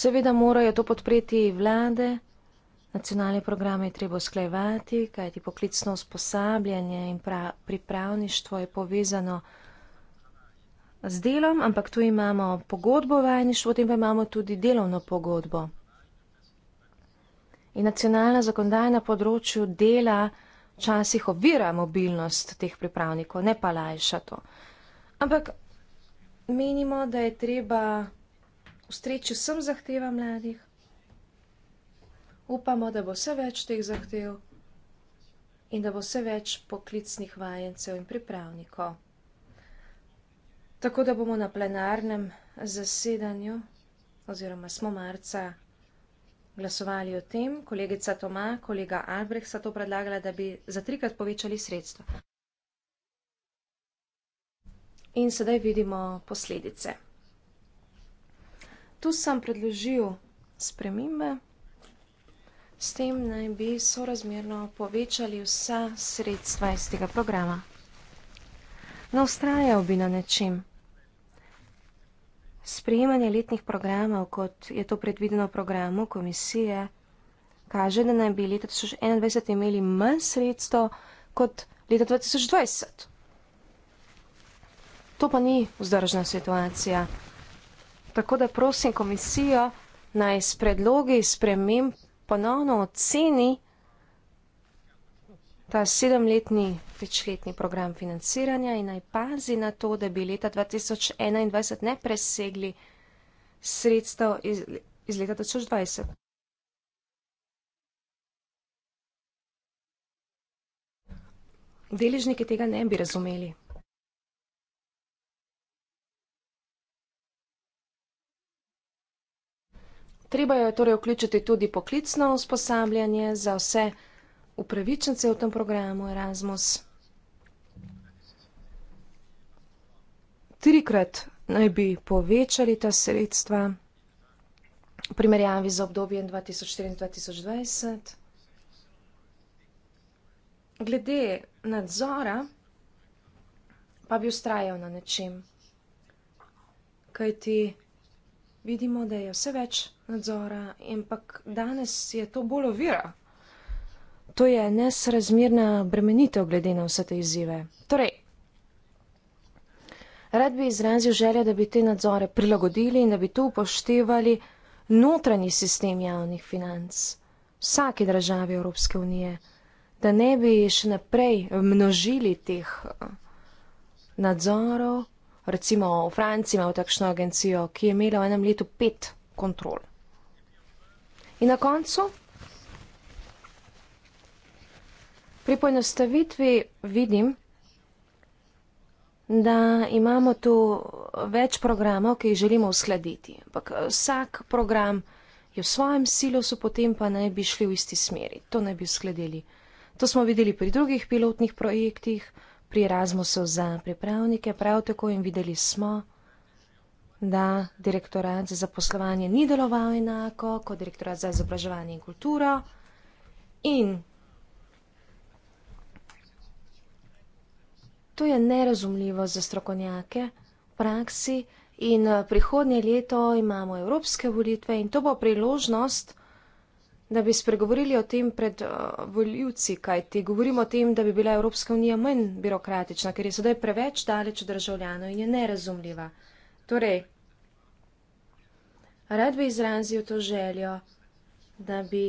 Seveda morajo to podpreti vlade, nacionalne programe je treba usklajevati, kajti poklicno usposabljanje in pripravništvo je povezano z delom, ampak tu imamo pogodbo vajništvo, potem pa imamo tudi delovno pogodbo. In nacionalna zakonodaja na področju dela včasih ovira mobilnost teh pripravnikov, ne pa lajša to. Ampak menimo, da je treba ustreči vsem zahtevam mladih. Upamo, da bo vse več teh zahtev in da bo vse več poklicnih vajencev in pripravnikov. Tako da bomo na plenarnem zasedanju oziroma smo marca glasovali o tem, kolegica Toma, kolega Albrecht sta to predlagala, da bi za trikrat povečali sredstva. In sedaj vidimo posledice. Tu sem predložil spremembe, s tem naj bi sorazmerno povečali vsa sredstva iz tega programa. Ne ustrajal bi na nečem sprejemanje letnih programov, kot je to predvideno v programu komisije, kaže, da naj bi leta 2021 imeli manj sredstev kot leta 2020. To pa ni vzdržna situacija. Tako da prosim komisijo, naj s predlogi sprememb ponovno oceni, ta sedemletni, večletni program financiranja in naj pazi na to, da bi leta 2021 ne presegli sredstev iz, iz leta 2020. Deležniki tega ne bi razumeli. Treba jo je torej vključiti tudi poklicno usposabljanje za vse upravičence v tem programu Erasmus. Trikrat naj bi povečali ta sredstva v primerjavi za obdobje 2004-2020. Glede nadzora pa bi ustrajal na nečem, kajti vidimo, da je vse več nadzora, ampak danes je to bolj ovira, To je nesrazmerna bremenitev glede na vse te izzive. Torej, rad bi izrazil želje, da bi te nadzore prilagodili in da bi to upoštevali notranji sistem javnih financ vsake države Evropske unije, da ne bi še naprej množili teh nadzorov. Recimo v Franciji imajo takšno agencijo, ki je imela v enem letu pet kontrol. In na koncu Pri poenostavitvi vidim, da imamo tu več programov, ki jih želimo uskladiti, ampak eh, vsak program je v svojem silosu, potem pa ne bi šli v isti smeri, to ne bi uskladili. To smo videli pri drugih pilotnih projektih, pri Erasmusu za pripravnike, prav tako in videli smo, da direktorat za zaposlovanje ni deloval enako kot direktorat za izobraževanje in kulturo in To je nerazumljivo za strokovnjake v praksi in eh, prihodnje leto imamo evropske volitve in to bo priložnost, da bi spregovorili o tem pred eh, voljivci, kajti govorimo o tem, da bi bila Evropska unija manj birokratična, ker je sedaj preveč daleč od državljanov in je nerazumljiva. Torej, rad bi izrazil to željo, da bi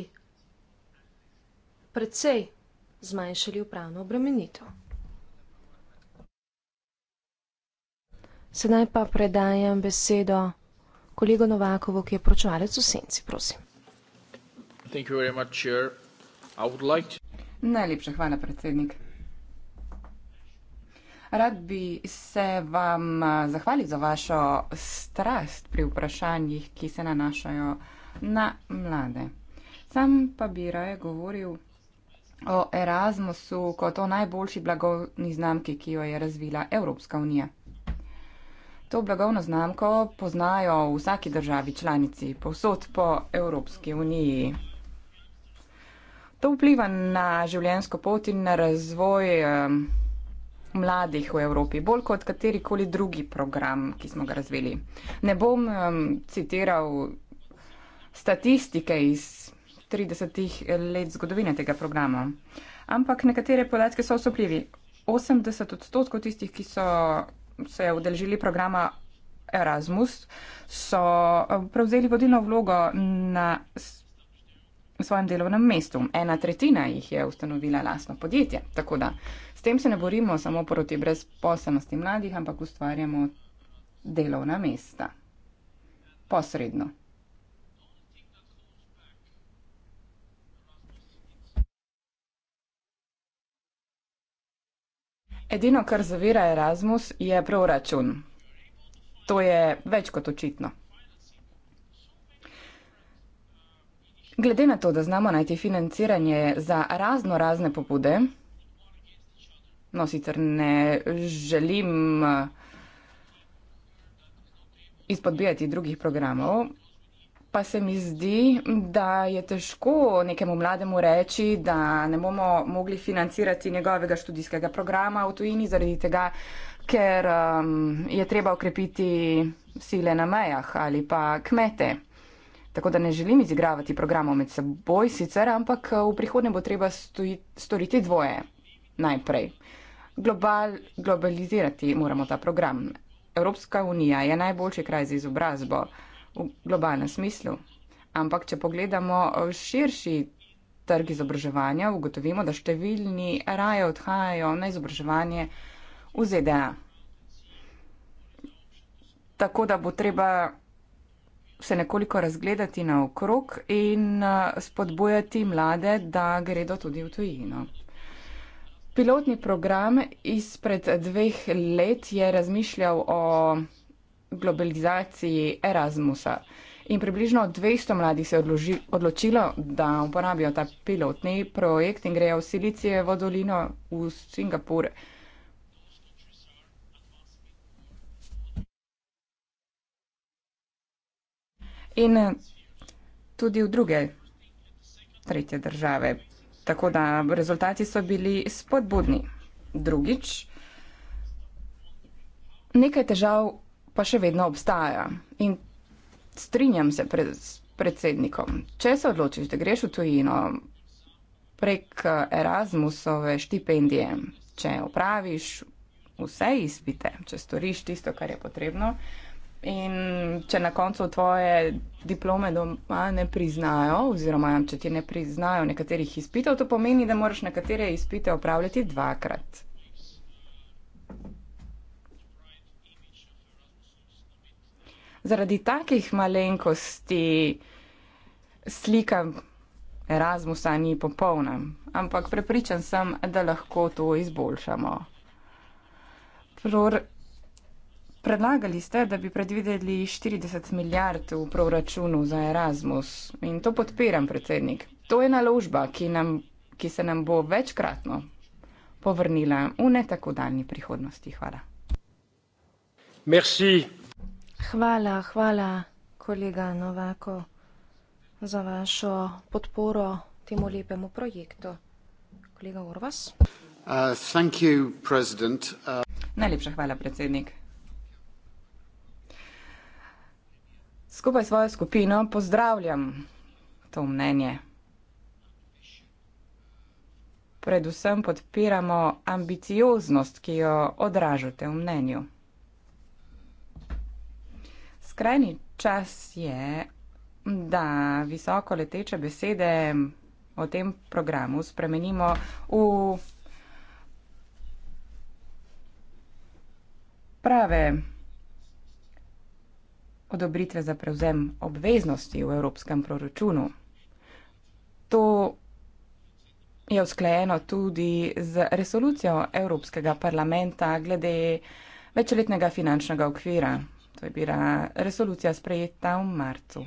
predvsej zmanjšali upravno obremenitev. Sedaj pa predajam besedo kolegu Novakovu, ki je pročevalec v senci, prosim. Thank you very much, Chair. I would like to... Najlepša hvala, predsednik. Rad bi se vam zahvalil za vašo strast pri vprašanjih, ki se nanašajo na mlade. Sam pa bi raje govoril o Erasmusu kot o najboljši blagovni znamki, ki jo je razvila Evropska unija. To blagovno znamko poznajo v vsaki državi članici, povsod po Evropski uniji. To vpliva na življenjsko pot in na razvoj mladih v Evropi, bolj kot katerikoli drugi program, ki smo ga razvili. Ne bom um, citiral statistike iz 30 let zgodovine tega programa, ampak nekatere podatke so osupljivi. 80 odstotkov tistih, ki so se udeležili programa Erasmus, so eh, prevzeli vodilno vlogo na svojem delovnem mestu. Ena tretjina jih je ustanovila lastno podjetje. Tako da s tem se ne borimo samo proti brezposelnosti mladih, ampak ustvarjamo delovna mesta. Posredno. Edino, kar zavira Erasmus, je proračun. To je več kot očitno. Glede na to, da znamo najti financiranje za razno razne pobude, no sicer ne želim eh, izpodbijati drugih programov, pa se mi zdi, da je težko nekemu mlademu reči, da ne bomo mogli financirati njegovega študijskega programa v tujini zaradi tega, ker um, je treba ukrepiti sile na mejah ali pa kmete. Tako da ne želim izigravati programov med seboj, sicer, ampak uh, v prihodnje bo treba stoji, storiti dvoje. Najprej. Global, globalizirati moramo ta program. Evropska unija je najboljši kraj za izobrazbo v globalnem smislu. Ampak, če pogledamo eh, širši trg izobraževanja, ugotovimo, da številni raje odhajajo na izobraževanje v ZDA. Tako da bo treba se nekoliko razgledati na okrog in eh, spodbujati mlade, da gredo tudi v tujino. Pilotni program izpred dveh let je razmišljal o globalizaciji Erasmusa. In približno 200 mladih se je odločilo, da uporabijo ta pilotni projekt in grejo v Silicijevo dolino v Singapur. In tudi v druge tretje države. Tako da rezultati so bili spodbudni. Drugič, nekaj težav pa še vedno obstaja. In strinjam se pred, s predsednikom, če se odločiš, da greš v tujino prek eh, Erasmusove štipendije, če opraviš vse izpite, če storiš tisto, kar je potrebno. In če na koncu tvoje diplome doma ne priznajo, oziroma če ti ne priznajo nekaterih izpitev, to pomeni, da moraš nekatere izpite opravljati dvakrat. zaradi takih malenkosti slika Erasmusa ni popolna, ampak prepričan sem, da lahko to izboljšamo. Pror Predlagali ste, da bi predvideli 40 milijard v proračunu za Erasmus in to podpiram, predsednik. To je naložba, ki, nam, ki se nam bo večkratno povrnila v ne tako daljni prihodnosti. Hvala. Merci. Hvala, hvala, kolega Novako, za vašo podporo temu lepemu projektu. Kolega Urvas. Uh, you, uh... Najlepša hvala, predsednik. Skupaj s svojo skupino pozdravljam to mnenje. Predvsem podpiramo ambicioznost, ki jo odražate v mnenju. Skrajni čas je, da visoko leteče besede o tem programu spremenimo v prave odobritve za prevzem obveznosti v evropskem proračunu. To je usklajeno tudi z resolucijo Evropskega parlamenta glede večletnega finančnega okvira To je bila resolucija sprejeta v marcu.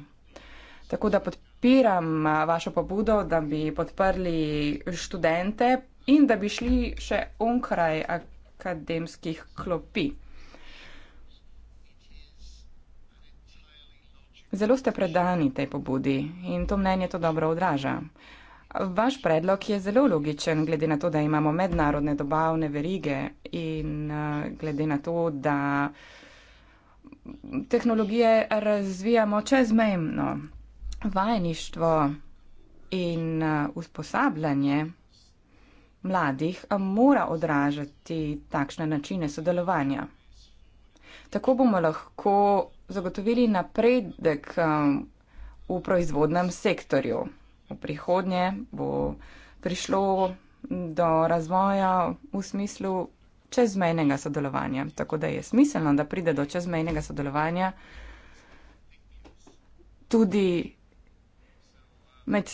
Tako da podpiram vašo pobudo, da bi podprli študente in da bi šli še onkraj akademskih klopi. Zelo ste predani tej pobudi in to mnenje to dobro odraža. Vaš predlog je zelo logičen, glede na to, da imamo mednarodne dobavne verige in glede na to, da uh, tehnologije razvijamo čezmejno. Vajništvo in uh, usposabljanje mladih mora odražati takšne načine sodelovanja. Tako bomo lahko zagotovili napredek um, v proizvodnem sektorju. V prihodnje bo prišlo do razvoja v smislu čezmejnega sodelovanja. Tako da je smiselno, da pride do čezmejnega sodelovanja tudi med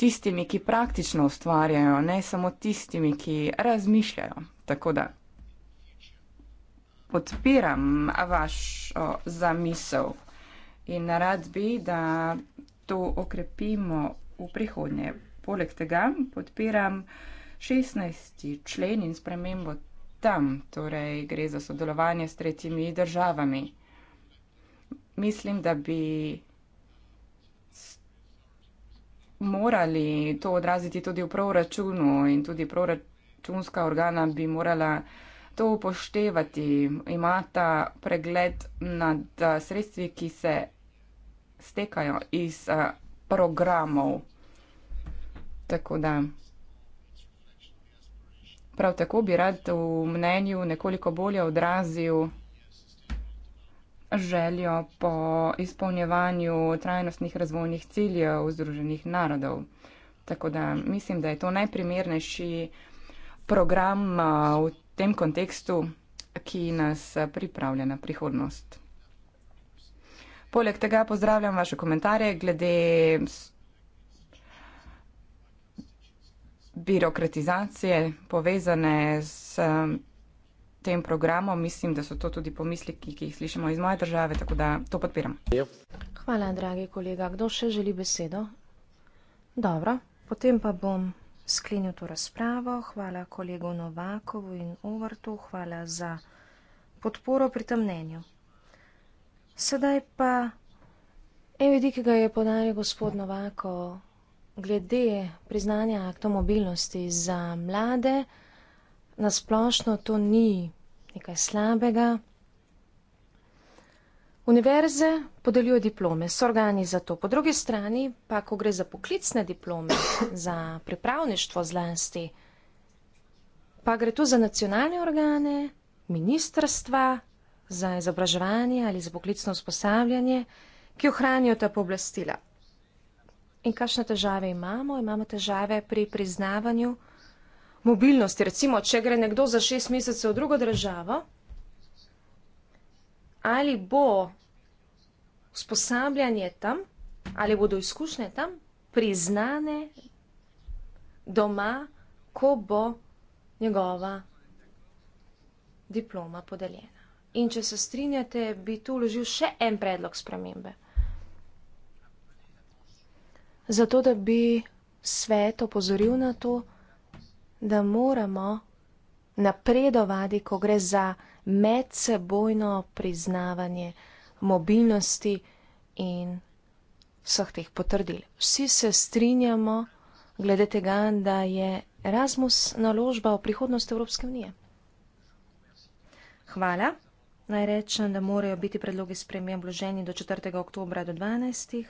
tistimi, ki praktično ustvarjajo, ne samo tistimi, ki razmišljajo. Tako da podpiram vašo zamisel in rad bi, da to okrepimo v prihodnje. Poleg tega podpiram. 16. člen in spremembo tam, torej gre za sodelovanje s tretjimi državami. Mislim, da bi morali to odraziti tudi v proračunu in tudi proračunska organa bi morala to upoštevati. Imata pregled nad sredstvi, ki se stekajo iz programov. Tako da. Prav tako bi rad v mnenju nekoliko bolje odrazil željo po izpolnjevanju trajnostnih razvojnih ciljev Združenih narodov. Tako da mislim, da je to najprimernejši program v tem kontekstu, ki nas pripravlja na prihodnost. Poleg tega pozdravljam vaše komentarje glede birokratizacije povezane s um, tem programom. Mislim, da so to tudi pomisliki, ki jih slišimo iz moje države, tako da to podpiram. Hvala, dragi kolega. Kdo še želi besedo? Dobro, potem pa bom sklenil to razpravo. Hvala kolegu Novakovu in Ovartu, hvala za podporo pri tem mnenju. Sedaj pa en vidik, ki ga je podaril gospod Novako, glede priznanja aktomobilnosti za mlade, nasplošno to ni nekaj slabega. Univerze podeljujejo diplome, so organi za to. Po drugi strani pa, ko gre za poklicne diplome, za pripravništvo zlasti, pa gre to za nacionalne organe, ministrstva, za izobraževanje ali za poklicno usposabljanje, ki ohranijo ta pooblastila. In kakšne težave imamo? Imamo težave pri priznavanju mobilnosti. Recimo, če gre nekdo za šest mesecev v drugo državo, ali bo usposabljanje tam, ali bodo izkušnje tam priznane doma, ko bo njegova diploma podeljena. In če se strinjate, bi tu vložil še en predlog spremembe zato da bi svet opozoril na to, da moramo napredovati, ko gre za medsebojno priznavanje mobilnosti in vseh teh potrdil. Vsi se strinjamo glede tega, da je Erasmus naložba v prihodnost Evropske unije. Hvala. Naj rečem, da morajo biti predlogi spremem vloženi do 4. oktobra do 12.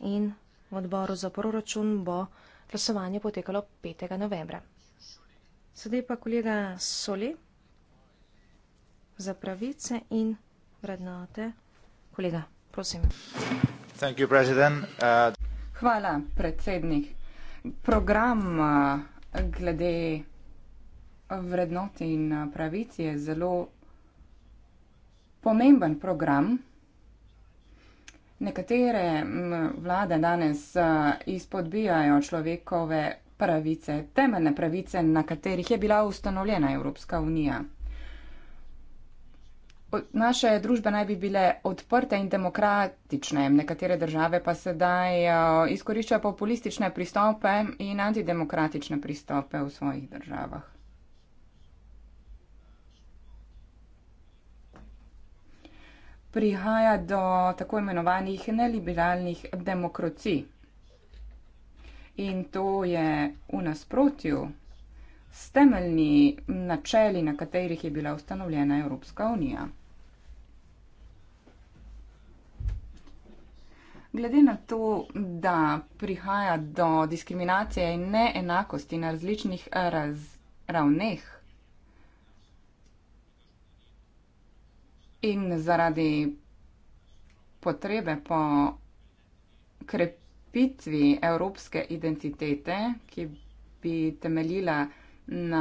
in V odboru za proračun bo glasovanje potekalo 5. novembra. Sedaj pa kolega Soli za pravice in vrednote. Kolega, prosim. Thank you, uh, Hvala, predsednik. Program uh, glede vrednot in uh, pravic je zelo pomemben program. Nekatere vlade danes izpodbijajo človekove pravice, temeljne pravice, na katerih je bila ustanovljena Evropska unija. Naše družbe naj bi bile odprte in demokratične, nekatere države pa sedaj izkoriščajo populistične pristope in antidemokratične pristope v svojih državah. prihaja do tako imenovanih neliberalnih demokracij. In to je v nasprotju s temeljni načeli, na katerih je bila ustanovljena Evropska unija. Glede na to, da prihaja do diskriminacije in neenakosti na različnih raz, ravneh, In zaradi potrebe po krepitvi evropske identitete, ki bi temeljila na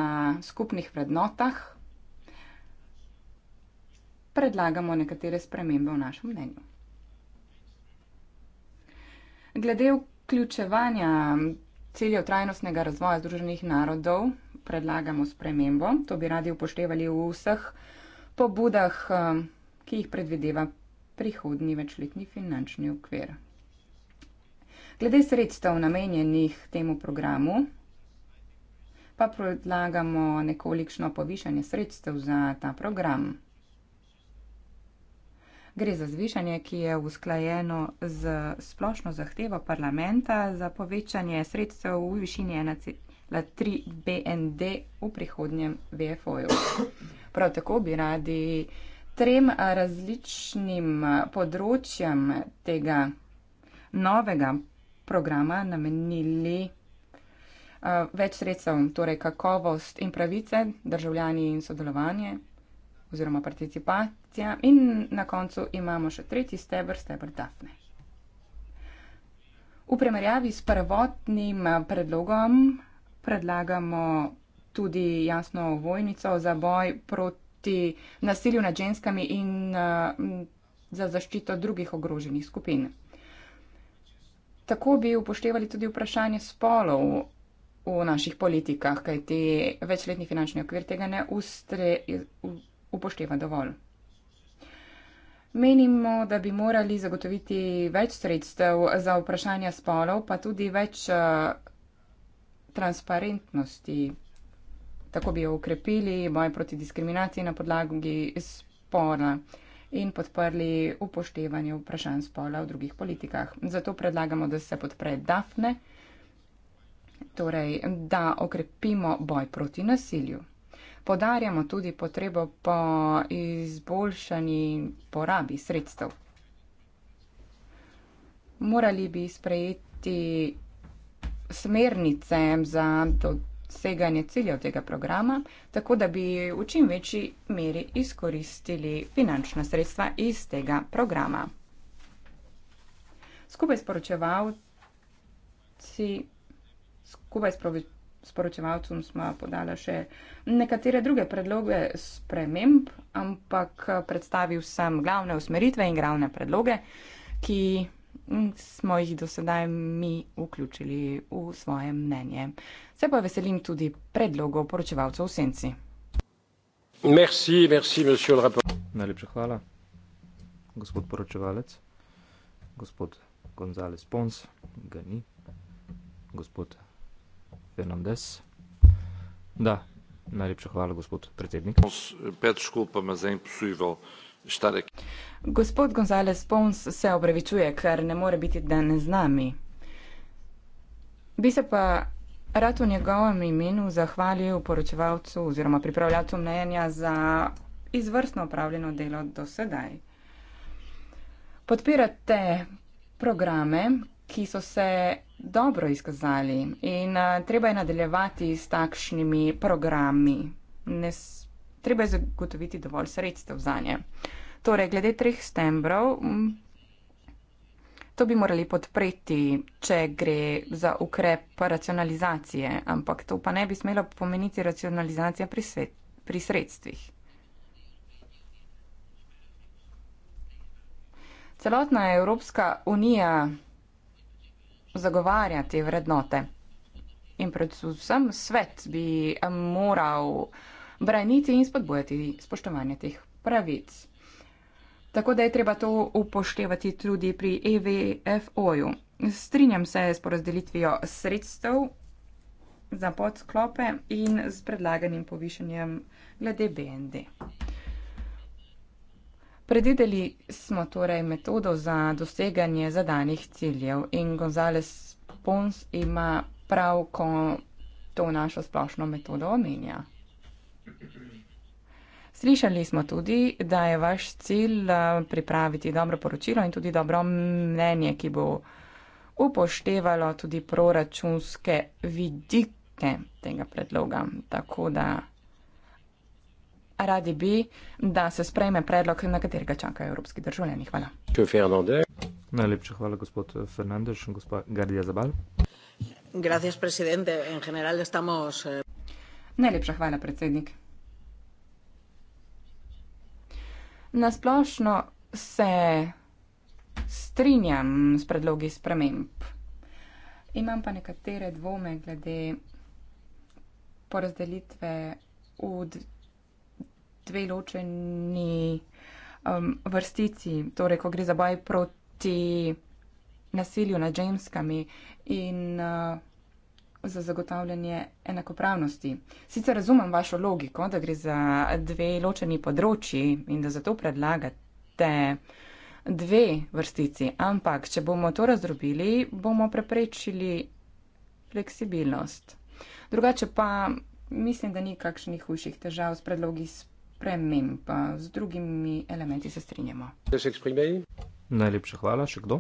skupnih vrednotah, predlagamo nekatere spremembe v našem mnenju. Glede vključevanja ciljev trajnostnega razvoja Združenih narodov predlagamo spremembo. To bi radi upoštevali v vseh pobudah, eh, ki jih predvideva prihodni večletni finančni okvir. Glede sredstev namenjenih temu programu, pa predlagamo nekolikšno povišanje sredstev za ta program. Gre za zvišanje, ki je usklajeno z splošno zahtevo parlamenta za povečanje sredstev v višini 1,3 BND v prihodnjem VFO-ju. Prav tako bi radi trem različnim področjem tega novega programa namenili eh, več sredstev, torej kakovost in pravice, državljani in sodelovanje oziroma participacija in na koncu imamo še tretji stebr, stebr Dafne. V primerjavi s prvotnim predlogom predlagamo tudi jasno vojnico za boj proti nasilju nad ženskami in uh, za zaščito drugih ogroženih skupin. Tako bi upoštevali tudi vprašanje spolov v naših politikah, kajti večletni finančni okvir tega ne ustre, upošteva dovolj. Menimo, da bi morali zagotoviti več sredstev za vprašanja spolov, pa tudi več uh, transparentnosti tako bi okrepili boj proti diskriminaciji na podlagi spola in podprli upoštevanje vprašanj spola v drugih politikah. Zato predlagamo, da se podpre DAFNE, torej da okrepimo boj proti nasilju. Podarjamo tudi potrebo po izboljšanji porabi sredstev. Morali bi sprejeti smernice za dodatek seganje ciljev tega programa, tako da bi v čim večji meri izkoristili finančna sredstva iz tega programa. Skupaj s poročevalci, skupaj s poročevalcem smo podala še nekatere druge predloge sprememb, ampak predstavil sem glavne usmeritve in glavne predloge, ki smo jih do sedaj mi vključili v svoje mnenje. Se pa veselim tudi predlogov poročevalcev v senci. Merci, merci, Najlepša hvala, gospod poročevalec, gospod Gonzales Pons, ga ni, gospod Fernandez. Da, najlepša hvala, gospod predsednik. Pet skupaj me za en posujivo. Štarek. Gospod Gonzales Pons se opravičuje, ker ne more biti danes z nami. Bi se pa rad v njegovem imenu zahvalil poročevalcu oziroma pripravljalcu mnenja za izvrstno opravljeno delo do sedaj. Podpirate programe, ki so se dobro izkazali in eh, treba je nadaljevati s takšnimi programi. Ne treba je zagotoviti dovolj sredstev za nje. Torej, glede treh stembrov, mm, to bi morali podpreti, če gre za ukrep racionalizacije, ampak to pa ne bi smelo pomeniti racionalizacija pri, svet, pri sredstvih. Celotna Evropska unija zagovarja te vrednote in predvsem svet bi moral braniti in spodbujati spoštovanje teh pravic. Tako da je treba to upoštevati tudi pri EVFO-ju. Strinjam se s porazdelitvijo sredstev za podsklope in s predlaganim povišanjem glede BND. Predvideli smo torej metodo za doseganje zadanih ciljev in Gonzales Pons ima prav, ko to našo splošno metodo omenja. Slišali smo tudi, da je vaš cilj eh, pripraviti dobro poročilo in tudi dobro mnenje, ki bo upoštevalo tudi proračunske vidike tega predloga. Tako da radi bi, da se sprejme predlog, na katerega čakajo evropski državljani. Hvala. Najlepša hvala, gospod Fernandez in gospa Gardija Zabal. Gracias, general, estamos... Eh, Najlepša hvala, predsednik. Na splošno se strinjam s predlogi sprememb. Imam pa nekatere dvome glede porazdelitve v dve ločeni um, vrstici, torej ko gre za boj proti nasilju nad ženskami in uh, za zagotavljanje enakopravnosti. Sicer razumem vašo logiko, da gre za dve ločeni področji in da zato predlagate dve vrstici, ampak če bomo to razdrobili, bomo preprečili fleksibilnost. Drugače pa mislim, da ni kakšnih hujših težav s predlogi sprememb, z drugimi elementi se strinjamo. Najlepša hvala, še kdo?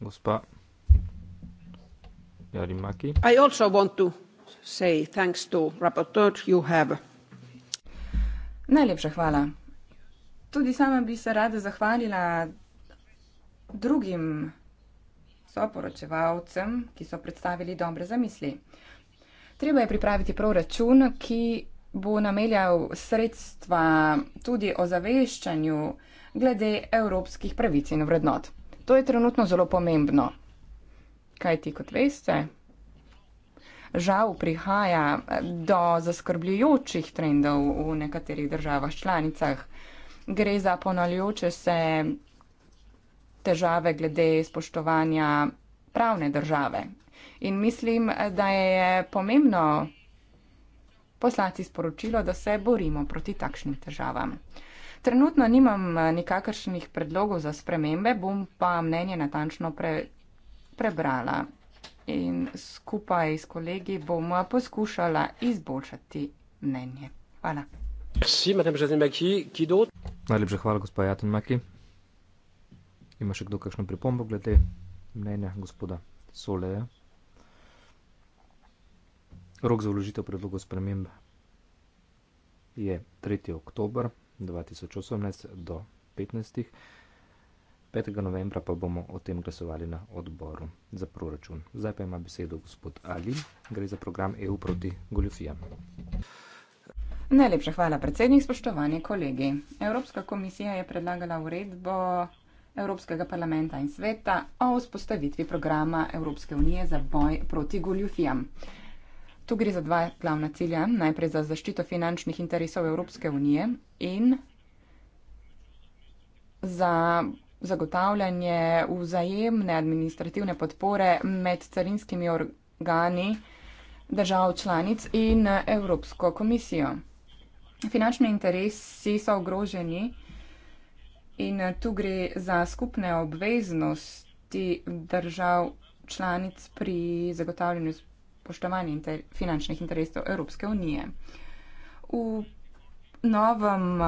Gospa i also want to say thanks to rapporteur you have najlepša hvala tudi sama bi se rada zahvalila drugim soporočevalcem ki so predstavili dobre zamisli treba je pripraviti proračun ki bo namenjal sredstva tudi o zaveščanju glede evropskih pravic in vrednot. To je trenutno zelo pomembno kajti kot veste, žal prihaja do zaskrbljujočih trendov v nekaterih državah članicah. Gre za ponaljoče se težave glede spoštovanja pravne države. In mislim, da je pomembno poslati sporočilo, da se borimo proti takšnim težavam. Trenutno nimam nikakršnih predlogov za spremembe, bom pa mnenje natančno pre, prebrala in skupaj s kolegi bomo poskušala izboljšati mnenje. Hvala. Si, Maki, Najlepša hvala, gospod Jatin Maki. Ima še kdo kakšno pripombo glede mnenja gospoda Soleja? Rok za vložitev predlogov sprememb je 3. oktober 2018 do 15. 5. novembra pa bomo o tem glasovali na odboru za proračun. Zdaj pa ima besedo gospod Ali, gre za program EU proti goljofijam. Najlepša hvala, predsednik, spoštovani kolegi. Evropska komisija je predlagala uredbo Evropskega parlamenta in sveta o vzpostavitvi programa Evropske unije za boj proti goljofijam. Tu gre za dva glavna cilja. Najprej za zaščito finančnih interesov Evropske unije in za zagotavljanje vzajemne administrativne podpore med carinskimi organi držav članic in Evropsko komisijo. Finančni interesi so ogroženi in tu gre za skupne obveznosti držav članic pri zagotavljanju spoštovanja inter finančnih interesov Evropske unije. V novem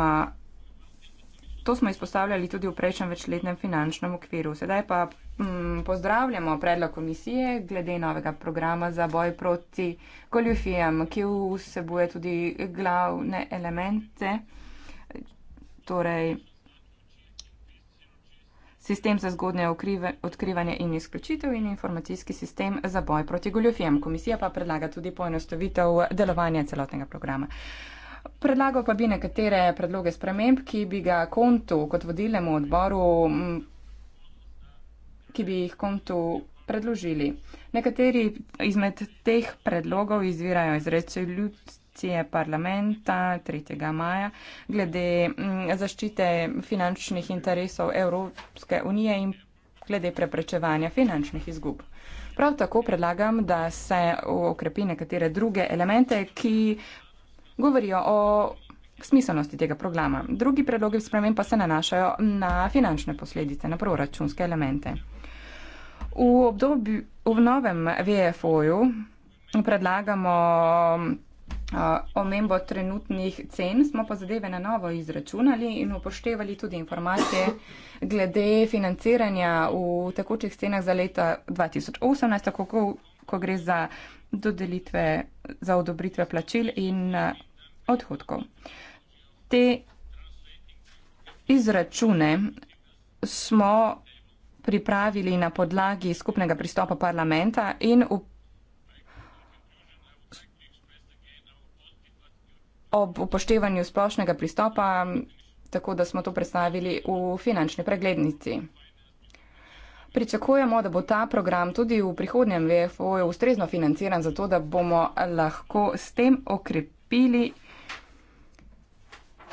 To smo izpostavljali tudi v prejšnjem večletnem finančnem okviru. Sedaj pa m, mm, pozdravljamo predlog komisije glede novega programa za boj proti goljufijam, ki vsebuje tudi glavne elemente, torej sistem za zgodne odkrivanje in izključitev in informacijski sistem za boj proti goljufijam. Komisija pa predlaga tudi poenostavitev delovanja celotnega programa. Uh, Predlagal pa bi nekatere predloge sprememb, ki bi ga kontu kot vodilnemu odboru, mm, ki bi jih kontu predložili. Nekateri izmed teh predlogov izvirajo iz resolucije parlamenta 3. maja glede mm, zaščite finančnih interesov Evropske unije in glede preprečevanja finančnih izgub. Prav tako predlagam, da se okrepi nekatere druge elemente, ki govorijo o smiselnosti tega programa. Drugi predlogi sprememb pa se nanašajo na finančne posledice, na proračunske elemente. V obdobju, v novem VFO-ju predlagamo omembo trenutnih cen, smo pa zadeve na novo izračunali in upoštevali tudi informacije glede financiranja v tekočih cenah za leta 2018, tako ko, ko gre za dodelitve za odobritve plačil in eh, odhodkov. Te izračune smo pripravili na podlagi skupnega pristopa parlamenta in ob upoštevanju splošnega pristopa, tako da smo to predstavili v finančni preglednici. Pričakujemo, da bo ta program tudi v prihodnjem VFO-ju ustrezno financiran, zato da bomo lahko s tem okrepili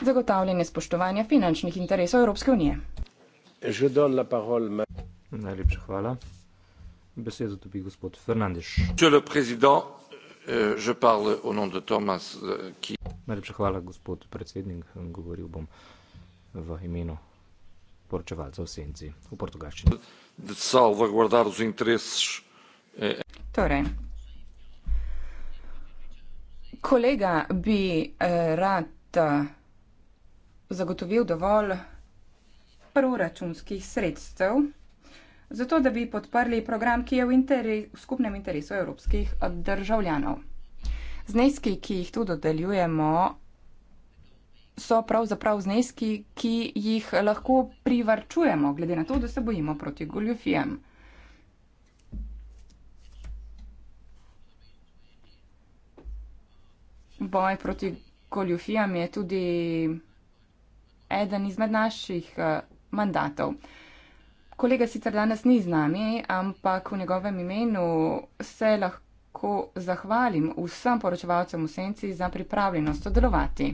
zagotavljanje spoštovanja finančnih interesov Evropske unije. Najlepša hvala. Besedo dobi gospod Fernandes. Euh, euh, Najlepša hvala, gospod predsednik. Govoril bom v imenu poročevalcev Senci v portugalščini. Eh, eh. Torej, kolega bi eh, rad zagotovil dovolj proračunskih sredstev, zato da bi podprli program, ki je v, interi, v skupnem interesu evropskih državljanov. Zneski, ki jih tu dodeljujemo, so pravzaprav zneski, ki jih lahko privarčujemo, glede na to, da se bojimo proti goljofijem. Boj proti goljofijam je tudi eden izmed naših eh, mandatov. Kolega sicer danes ni z nami, ampak v njegovem imenu se lahko zahvalim vsem poročevalcem v senci za pripravljenost sodelovati.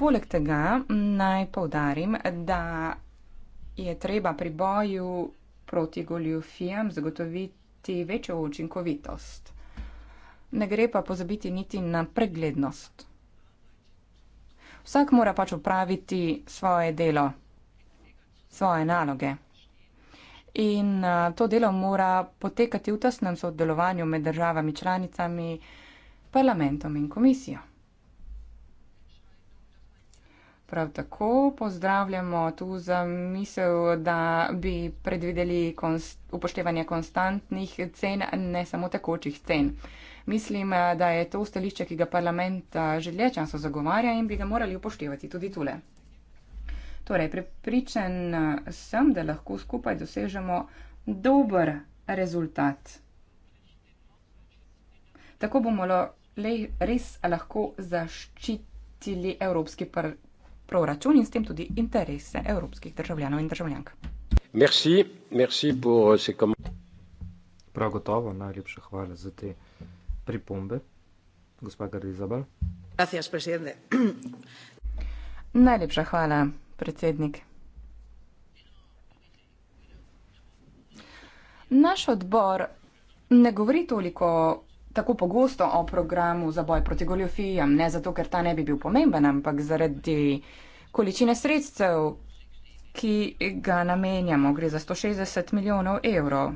Poleg tega naj povdarim, da je treba pri boju proti goljufijam zagotoviti večjo učinkovitost. Ne gre pa pozabiti niti na preglednost. Vsak mora pač upraviti svoje delo, svoje naloge. In to delo mora potekati v tesnem sodelovanju med državami članicami, parlamentom in komisijo. Prav tako pozdravljamo tu za misel, da bi predvideli konst upoštevanje konstantnih cen, ne samo tekočih cen. Mislim, da je to stališče, ki ga parlament že dlje časa zagovarja in bi ga morali upoštevati tudi tule. Torej, prepričan sem, da lahko skupaj dosežemo dober rezultat. Tako bomo le, res lahko zaščitili Evropski parlament proračun in s tem tudi interese evropskih državljanov in državljank. Merci, merci pour euh, ces commentaires. Prav gotovo, najlepša hvala za te pripombe, gospa Gardizabal. Gracias, presidente. Najlepša hvala, predsednik. Naš odbor ne govori toliko tako pogosto o programu za boj proti goljofijam, ne zato, ker ta ne bi bil pomemben, ampak zaradi količine sredstev, ki ga namenjamo, gre za 160 milijonov evrov.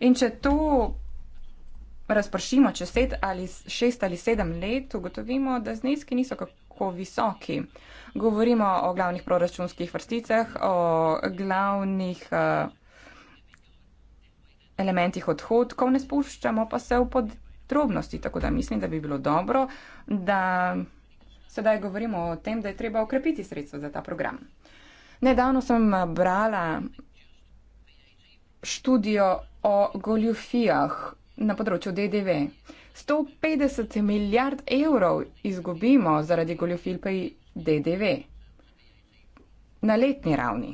In če to razpršimo čez šest ali, ali sedem let, ugotovimo, da zneski niso kako visoki. Govorimo o glavnih proračunskih vrsticah, o glavnih. Uh, elementih odhodkov, ne spuščamo pa se v podrobnosti. Tako da mislim, da bi bilo dobro, da sedaj govorimo o tem, da je treba okrepiti sredstva za ta program. Nedavno sem brala študijo o goljufijah na področju DDV. 150 milijard evrov izgubimo zaradi goljufil pri DDV na letni ravni.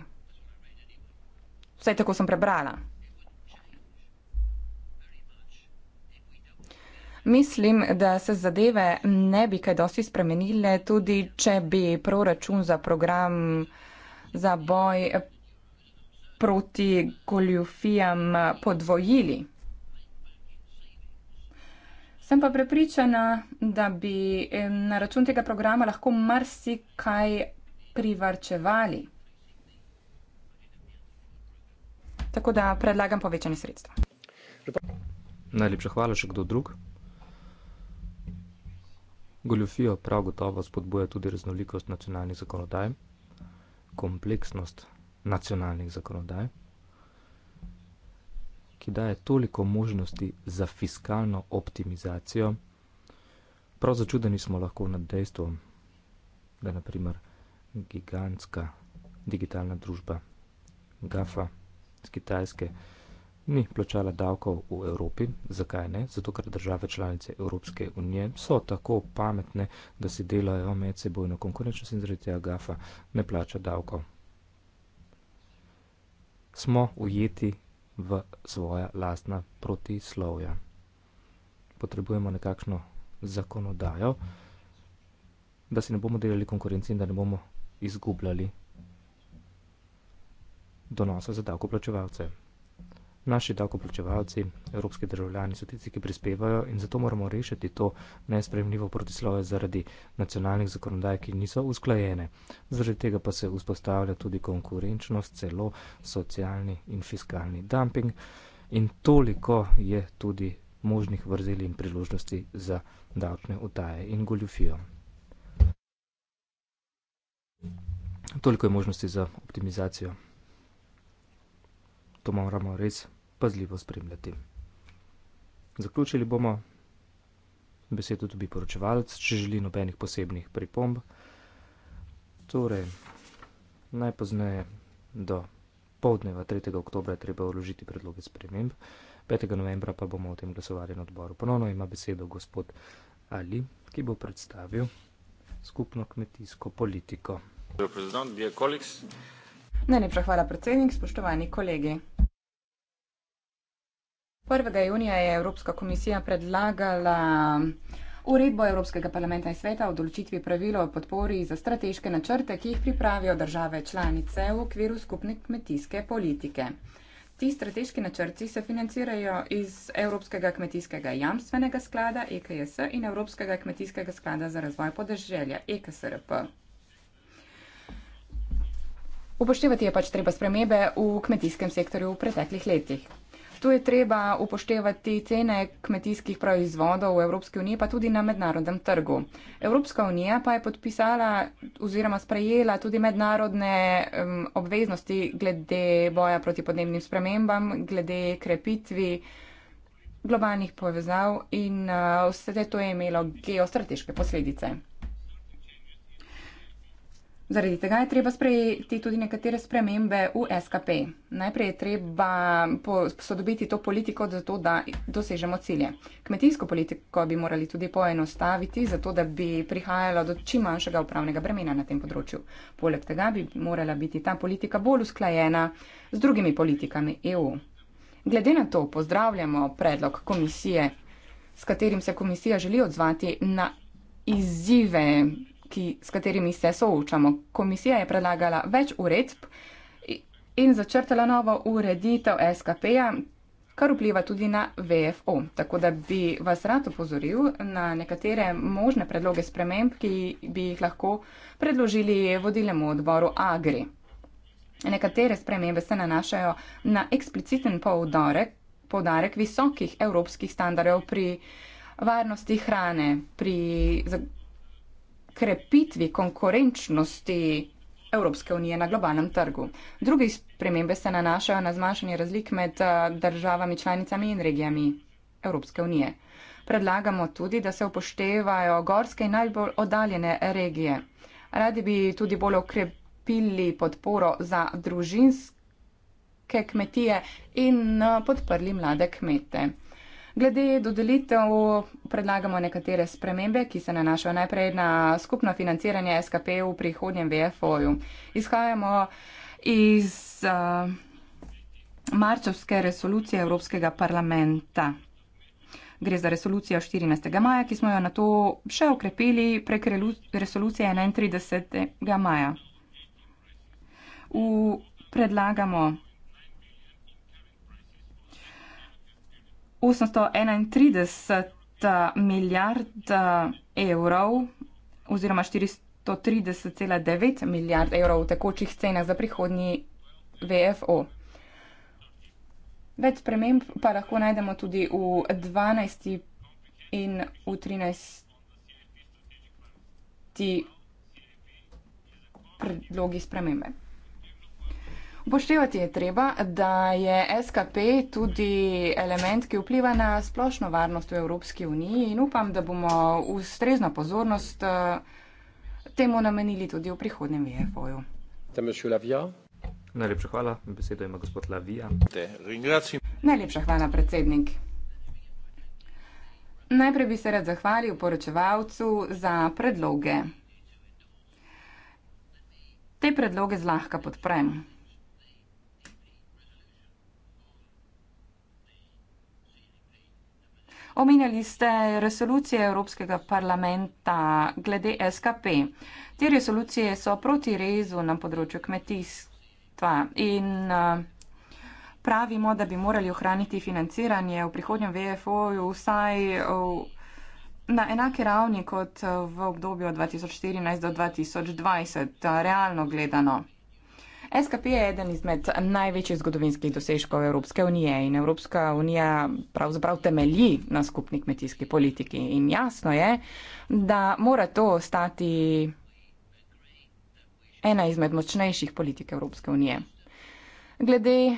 Vse tako sem prebrala. Mislim, da se zadeve ne bi kaj dosti spremenile, tudi če bi proračun za program za boj proti goljufijam podvojili. Sem pa prepričana, da bi na račun tega programa lahko marsikaj privarčevali. Tako da predlagam povečanje sredstev. Najlepša hvala, še kdo drug? Goljofijo prav gotovo spodbuja tudi raznolikost nacionalnih zakonodaj, kompleksnost nacionalnih zakonodaj, ki daje toliko možnosti za fiskalno optimizacijo. Prav začudeni smo lahko nad dejstvom, da naprimer gigantska digitalna družba GAFA z Kitajske ni plačala davkov v Evropi. Zakaj ne? Zato, ker države članice Evropske unije so tako pametne, da si delajo med seboj na konkurenčnost in zaradi tega GAFA ne plača davkov. Smo ujeti v svoja lastna protislovja. Potrebujemo nekakšno zakonodajo, da si ne bomo delali konkurenci in da ne bomo izgubljali donosa za davkoplačevalce. Naši davkoplačevalci, evropski državljani so tisti, ki prispevajo in zato moramo rešiti to nespremljivo protislove zaradi nacionalnih zakonodaj, ki niso usklajene. Zaradi tega pa se vzpostavlja tudi konkurenčnost, celo socialni in fiskalni dumping in toliko je tudi možnih vrzeli in priložnosti za davčne utaje in goljufijo. Toliko je možnosti za optimizacijo to moramo res pazljivo spremljati. Zaključili bomo besedo tudi poročevalc, če želi nobenih posebnih pripomb. Torej, najpozneje do povdneva 3. oktobra je treba vložiti predloge sprememb, 5. novembra pa bomo o tem glasovali na odboru. Ponovno ima besedo gospod Ali, ki bo predstavil skupno kmetijsko politiko. Gospod predsednik, dear colleagues, Najlepša hvala, predsednik, spoštovani kolegi. 1. junija je Evropska komisija predlagala uredbo Evropskega parlamenta in sveta o določitvi pravil o podpori za strateške načrte, ki jih pripravijo države članice v okviru skupne kmetijske politike. Ti strateški načrti se financirajo iz Evropskega kmetijskega jamstvenega sklada EKS in Evropskega kmetijskega sklada za razvoj podeželja EKSRP. Upoštevati je pač treba spremembe v kmetijskem sektorju v preteklih letih. Tu je treba upoštevati cene kmetijskih proizvodov v Evropski uniji, pa tudi na mednarodnem trgu. Evropska unija pa je podpisala oziroma sprejela tudi mednarodne um, obveznosti glede boja proti podnebnim spremembam, glede krepitvi globalnih povezav in uh, vse to je imelo geostrateške posledice. Zaradi tega je treba sprejeti tudi nekatere spremembe v SKP. Najprej je treba posodobiti to politiko, zato da dosežemo cilje. Kmetijsko politiko bi morali tudi poenostaviti, zato da bi prihajalo do čim manjšega upravnega bremena na tem področju. Poleg tega bi morala biti ta politika bolj usklajena z drugimi politikami EU. Glede na to pozdravljamo predlog komisije, s katerim se komisija želi odzvati na izzive ki, s katerimi se soočamo. Komisija je predlagala več uredb in začrtala novo ureditev SKP-ja, kar vpliva tudi na VFO. Tako da bi vas rad upozoril na nekatere možne predloge sprememb, ki bi jih lahko predložili vodilnemu odboru AGRI. Nekatere spremembe se nanašajo na ekspliciten poudarek, poudarek visokih evropskih standardov pri varnosti hrane, pri krepitvi konkurenčnosti Evropske unije na globalnem trgu. Druge spremembe se nanašajo na zmanjšanje razlik med eh, državami, članicami in regijami Evropske unije. Predlagamo tudi, da se upoštevajo gorske in najbolj oddaljene regije. Radi bi tudi bolj okrepili podporo za družinske kmetije in eh, podprli mlade kmete. Glede dodelitev predlagamo nekatere spremembe, ki se nanašajo najprej na skupno financiranje SKP v prihodnjem VFO-ju. Izhajamo iz uh, eh, marčovske resolucije Evropskega parlamenta. Gre za resolucijo 14. maja, ki smo jo na to še okrepili prek resolucije 31. maja. V predlagamo 831 eh, milijard eh, evrov oziroma 430,9 milijard evrov v tekočih cenah za prihodnji VFO. Več sprememb pa lahko najdemo tudi v 12. in v 13. predlogi spremembe. Upoštevati je treba, da je SKP tudi element, ki vpliva na splošno varnost v Evropski uniji in upam, da bomo ustrezno pozornost eh, temu namenili tudi v prihodnem VFO-ju. Najlepša hvala. Besedo ima gospod Lavija. Najlepša hvala, predsednik. Najprej bi se rad zahvalil poročevalcu za predloge. Te predloge zlahka podprem. Omenjali ste resolucije Evropskega parlamenta glede SKP. Te resolucije so proti rezu na področju kmetijstva in eh, pravimo, da bi morali ohraniti financiranje v prihodnjem VFO-ju vsaj v, eh, na enaki ravni kot eh, v obdobju od 2014 do 2020, realno gledano. SKP je eden izmed največjih zgodovinskih dosežkov Evropske unije in Evropska unija pravzaprav temelji na skupni kmetijski politiki. In jasno je, da mora to ostati ena izmed močnejših politik Evropske unije. Glede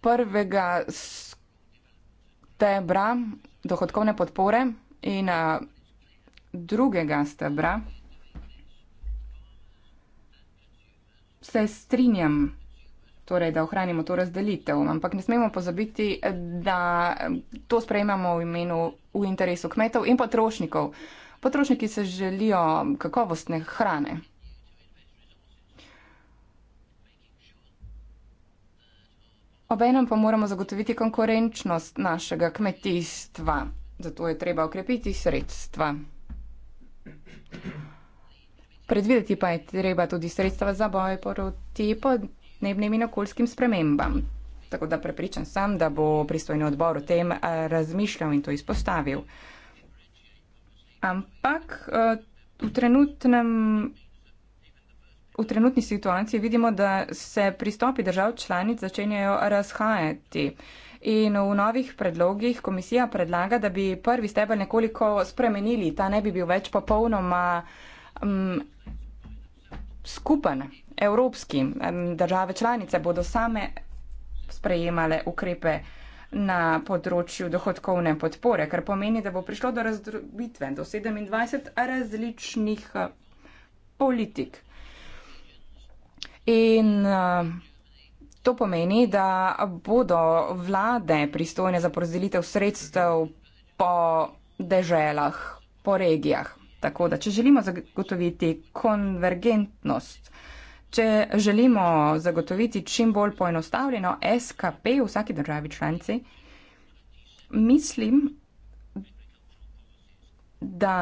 prvega stebra dohodkovne podpore in drugega stebra, se strinjam, torej, da ohranimo to razdelitev, ampak ne smemo pozabiti, da to sprejemamo v imenu v interesu kmetov in potrošnikov. Potrošniki se želijo kakovostne hrane. Obenem pa moramo zagotoviti konkurenčnost našega kmetijstva. Zato je treba okrepiti sredstva. Predvideti pa je treba tudi sredstva za boj proti podnebnim in okoljskim spremembam. Tako da prepričan sem, da bo pristojni odbor o tem eh, razmišljal in to izpostavil. Ampak eh, v, trenutnem, v trenutni situaciji vidimo, da se pristopi držav članic začenjajo razhajati. In v novih predlogih komisija predlaga, da bi prvi stebel nekoliko spremenili, ta ne bi bil več popolnoma uh, um, skupen evropski um, države članice bodo same sprejemale ukrepe na področju dohodkovne podpore, kar pomeni, da bo prišlo do razdrobitve do 27 različnih eh, politik. In eh, to pomeni, da bodo vlade pristojne za porazdelitev sredstev po deželah, po regijah. Tako da, če želimo zagotoviti konvergentnost, če želimo zagotoviti čim bolj poenostavljeno SKP v vsaki državi članici, mislim, da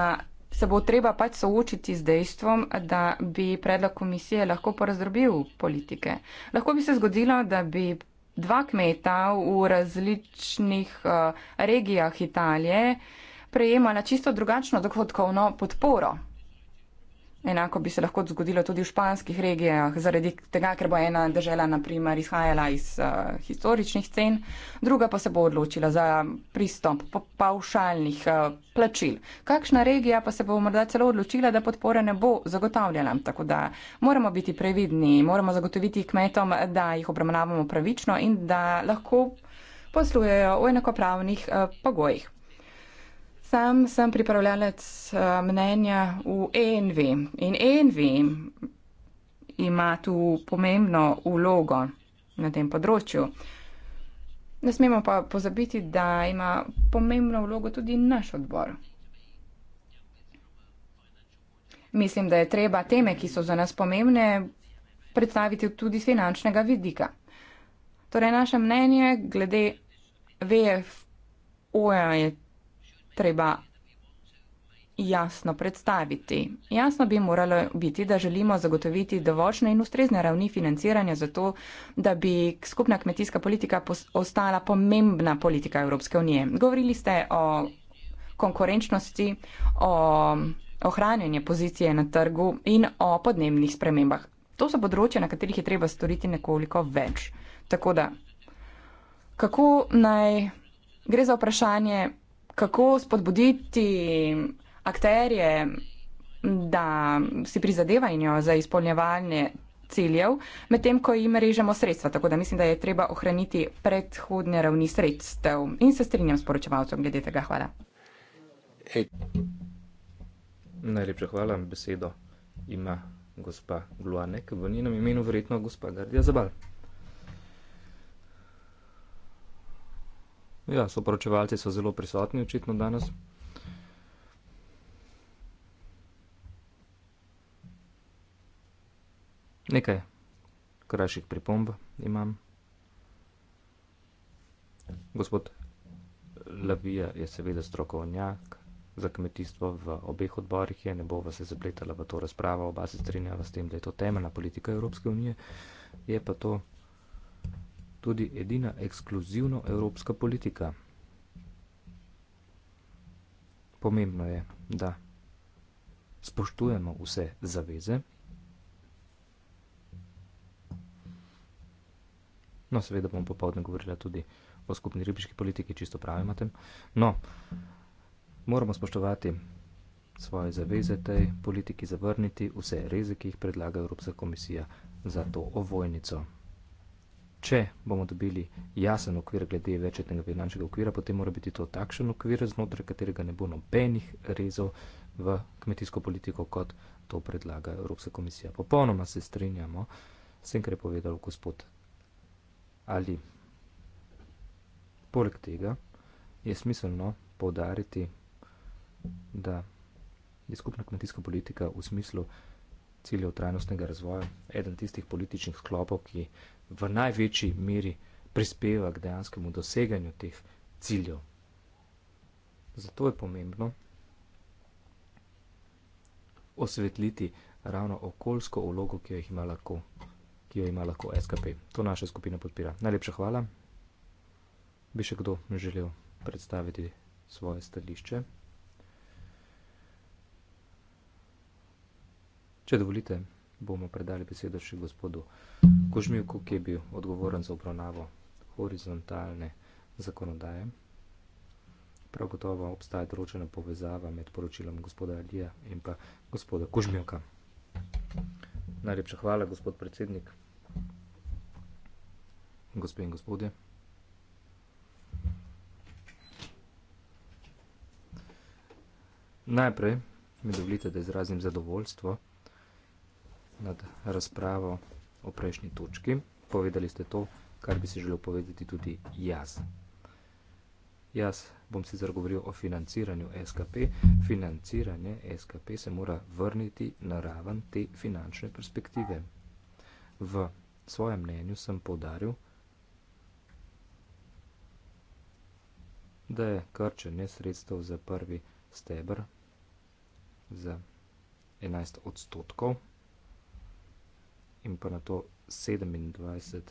se bo treba pač soočiti z dejstvom, da bi predlog komisije lahko porazdrobil politike. Lahko bi se zgodilo, da bi dva kmeta v različnih uh, regijah Italije uh, prejemala čisto drugačno dohodkovno podporo. Enako bi se lahko zgodilo tudi v španskih regijah, zaradi tega, ker bo ena država, naprimer, izhajala iz uh, historičnih cen, druga pa se bo odločila za pristop paušalnih uh, eh, plačil. Kakšna regija pa se bo morda celo odločila, da podpore ne bo zagotavljala. Tako da moramo biti previdni, moramo zagotoviti kmetom, da jih obramnavamo pravično in da lahko poslujejo v enakopravnih uh, pogojih. Sam sem pripravljalec eh, mnenja v ENV in ENV ima tu pomembno ulogo na tem področju. Ne smemo pa pozabiti, da ima pomembno vlogo tudi naš odbor. Mislim, da je treba teme, ki so za nas pomembne, predstaviti tudi z finančnega vidika. Torej, naše mnenje glede VFO je treba jasno predstaviti. Jasno bi moralo biti, da želimo zagotoviti dovoljšne in ustrezne ravni financiranja za to, da bi skupna kmetijska politika ostala pomembna politika Evropske unije. Govorili ste o konkurenčnosti, o ohranjanju pozicije na trgu in o podnebnih spremembah. To so področja, na katerih je treba storiti nekoliko več. Tako da, kako naj gre za vprašanje kako spodbuditi akterje, da si prizadevajo za izpolnjevanje ciljev, medtem ko jim režemo sredstva. Tako da mislim, da je treba ohraniti predhodne ravni sredstev. In se strinjam s poročevalcem glede tega. Hvala. Hey. Najlepša hvala. Besedo ima gospa Gluanek, v njenem imenu verjetno gospa Gardija Zabal. Ja, soporočevalci so zelo prisotni, očitno danes. Nekaj krajših pripomb imam. Gospod Lavija je seveda strokovnjak za kmetijstvo v obeh odborih, je, ne bo vas zapletala v to razpravo, oba se strinjava s tem, da je to temeljna politika Evropske unije. Je pa to tudi edina ekskluzivno evropska politika. Pomembno je, da spoštujemo vse zaveze, No, seveda bom popovdne govorila tudi o skupni ribiški politiki, čisto pravim o tem. No, moramo spoštovati svoje zaveze tej politiki, zavrniti vse reze, ki jih predlaga Evropska komisija za to ovojnico. Če bomo dobili jasen okvir glede večetnega finančnega okvira, potem mora biti to takšen okvir, znotraj katerega ne bo nobenih rezov v kmetijsko politiko, kot to predlaga Evropska komisija. Popolnoma se strinjamo s tem, kar je povedal gospod Ali. Poleg tega je smiselno poudariti, da je skupna kmetijska politika v smislu, ciljev trajnostnega razvoja, eden tistih političnih sklopov, ki v največji meri prispeva k dejanskemu doseganju teh ciljev. Zato je pomembno osvetliti ravno okoljsko vlogo, ki jo ima lahko, ki jo ima lahko SKP. To naša skupina podpira. Najlepša hvala. Bi še kdo želel predstaviti svoje stališče? Če dovolite, bomo predali besedo še gospodu Kožmijuku, ki je bil odgovoren za obravnavo horizontalne zakonodaje. Prav gotovo obstaja določena povezava med poročilom gospoda Alija in pa gospoda Kožmijuka. Najlepša hvala, gospod predsednik, gospe in gospodje. Najprej mi dovolite, da izrazim zadovoljstvo nad razpravo o prejšnji točki. Povedali ste to, kar bi si želel povedati tudi jaz. Jaz bom si zagovoril o financiranju SKP. Financiranje SKP se mora vrniti na raven te finančne perspektive. V svojem mnenju sem podaril, da je krčenje sredstev za prvi stebr za 11 odstotkov in pa na to 27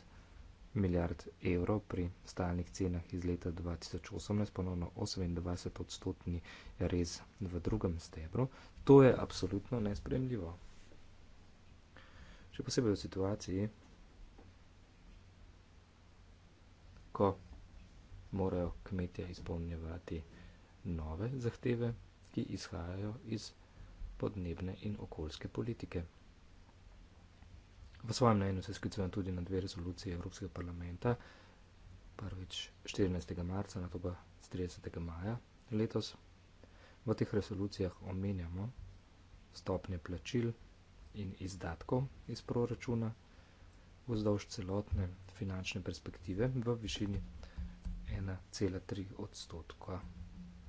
milijard evrov pri stalnih cenah iz leta 2018, ponovno 28 odstotni rez v drugem stebru. To je absolutno nespremljivo. Še posebej v situaciji, ko morajo kmetje izpolnjevati nove zahteve, ki izhajajo iz podnebne in okoljske politike v svojem mnenju se sklicujem tudi na dve rezolucije Evropskega parlamenta, prvič 14. marca, na to pa 30. maja letos. V teh rezolucijah omenjamo stopnje plačil in izdatkov iz proračuna vzdolž celotne finančne perspektive v višini 1,3 odstotka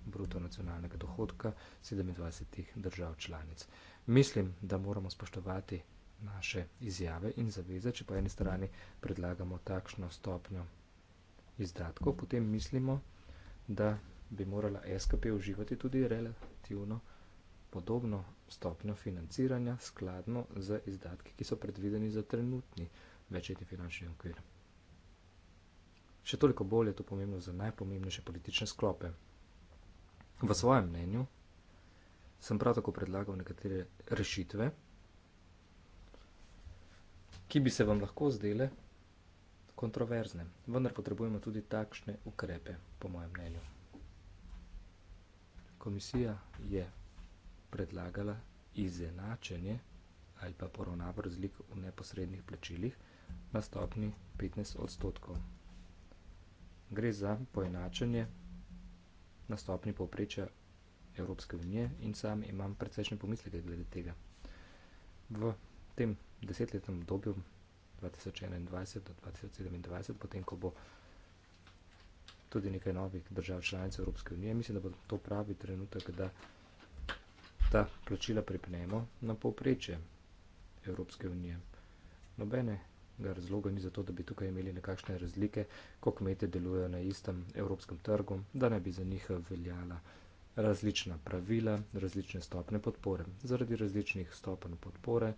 bruto nacionalnega dohodka 27 držav članic. Mislim, da moramo spoštovati naše izjave in zaveze, če po eni strani predlagamo takšno stopnjo izdatkov, potem mislimo, da bi morala SKP uživati tudi relativno podobno stopnjo financiranja skladno z izdatki, ki so predvideni za trenutni večetni finančni okvir. Še toliko bolje je to pomembno za najpomembnejše politične sklope. V svojem mnenju sem prav tako predlagal nekatere rešitve, ki bi se vam lahko zdele kontroverzne, vendar potrebujemo tudi takšne ukrepe, po mojem mnenju. Komisija je predlagala izenačenje ali pa poravnavo razlik v neposrednih plačilih na stopni 15 odstotkov. Gre za poenačenje na stopni povprečja Evropske unije in sam imam precejšnje pomisleke glede tega. V tem desetletnem obdobju 2021 do 2027, potem ko bo tudi nekaj novih držav članic Evropske unije, mislim, da bo to pravi trenutek, da ta plačila pripnemo na povprečje Evropske unije. Nobene ga razloga ni zato, da bi tukaj imeli nekakšne razlike, ko kmete delujejo na istem evropskem trgu, da ne bi za njih veljala različna pravila, različne stopne podpore. Zaradi različnih stopen podpore,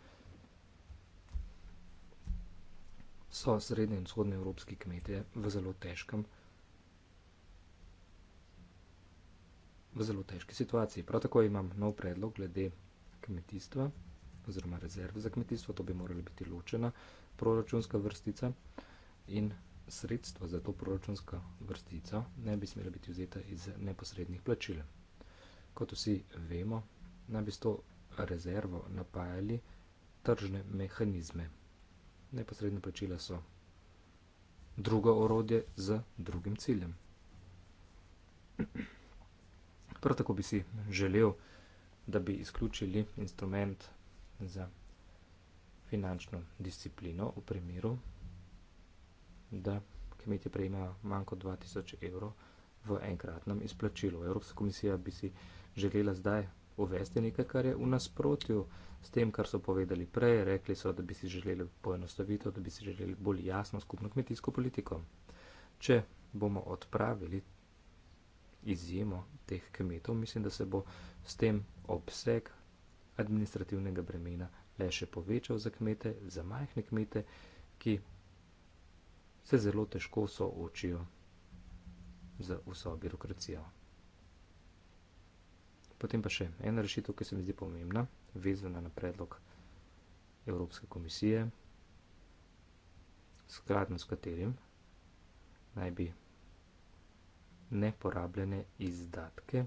so srednje in vzhodne evropski kmetje v zelo težkem, v zelo težki situaciji. Prav tako imam nov predlog glede kmetijstva oziroma rezerv za kmetijstvo, to bi morala biti ločena proračunska vrstica in sredstva za to proračunska vrstica ne bi smela biti vzeta iz neposrednih plačil. Kot vsi vemo, naj bi s to rezervo napajali tržne mehanizme neposredna plačila so drugo orodje z drugim ciljem. Prav tako bi si želel, da bi izključili instrument za finančno disciplino v primeru, da kmetje prejmejo manj kot 2000 evrov v enkratnem izplačilu. Evropska komisija bi si želela zdaj uvesti nekaj, kar je v nasprotju s tem, kar so povedali prej. Rekli so, da bi si želeli poenostavitev, da bi si želeli bolj jasno skupno kmetijsko politiko. Če bomo odpravili izjemo teh kmetov, mislim, da se bo s tem obseg administrativnega bremena le še povečal za kmete, za majhne kmete, ki se zelo težko soočijo z vso birokracijo. Potem pa še ena rešitev, ki se mi zdi pomembna, vezana na predlog Evropske komisije, skladno s katerim naj bi neporabljene izdatke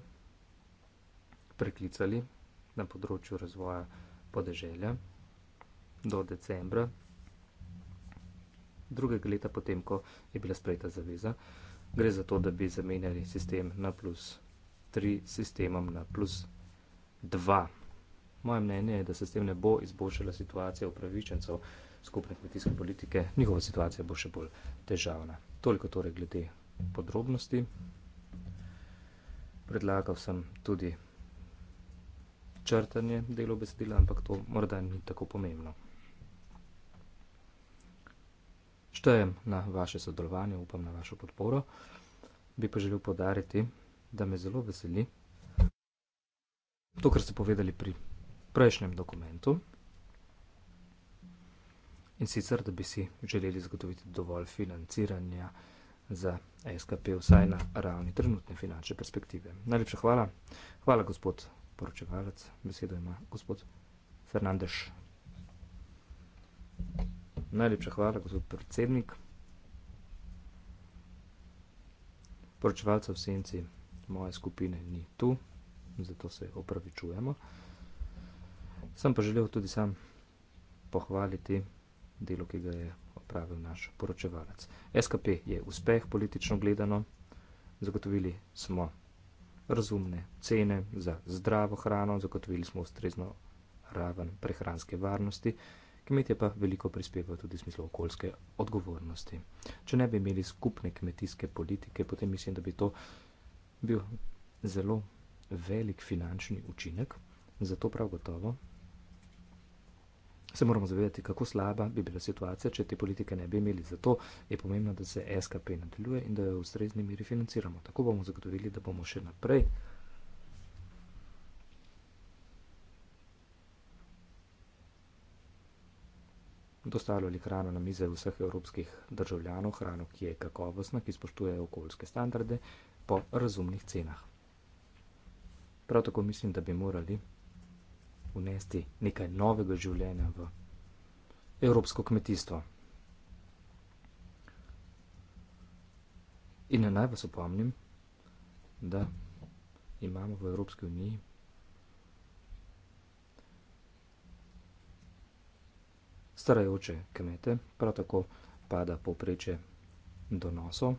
preklicali na področju razvoja podeželja do decembra drugega leta, potem ko je bila sprejeta zaveza. Gre za to, da bi zamenjali sistem na plus 0. 3 sistemom na plus 2. Moje mnenje je, da se s tem ne bo izboljšala situacija upravičencev skupne kmetijske politike, njihova situacija bo še bolj težavna. Toliko torej glede podrobnosti. Predlagal sem tudi črtanje delov besedila, ampak to morda ni tako pomembno. Štejem na vaše sodelovanje, upam na vašo podporo. Bi pa želel podariti da me zelo veseli to, kar ste povedali pri prejšnjem dokumentu. In sicer, da bi si želeli zagotoviti dovolj financiranja za SKP, vsaj na ravni trenutne finančne perspektive. Najlepša hvala. Hvala, gospod poročevalec. Besedo ima gospod Fernandeš. Najlepša hvala, gospod predsednik. Poročevalca v senci moje skupine ni tu, zato se opravičujemo. Sem pa želel tudi sam pohvaliti delo, ki ga je opravil naš poročevalec. SKP je uspeh politično gledano, zagotovili smo razumne cene za zdravo hrano, zagotovili smo ustrezno raven prehranske varnosti, kmetje pa veliko prispevajo tudi v smislu okoljske odgovornosti. Če ne bi imeli skupne kmetijske politike, potem mislim, da bi to bil zelo velik finančni učinek, zato prav gotovo se moramo zavedati, kako slaba bi bila situacija, če te politike ne bi imeli. Zato je pomembno, da se SKP nadaljuje in da jo v srednji miri financiramo. Tako bomo zagotovili, da bomo še naprej dostavljali hrano na mize vseh evropskih državljanov, hrano, ki je kakovostna, ki spoštuje okoljske standarde, po razumnih cenah. Prav tako mislim, da bi morali unesti nekaj novega življenja v evropsko kmetijstvo. In naj vas opomnim, da imamo v Evropski uniji starajoče kmete, prav tako pada povpreče donosov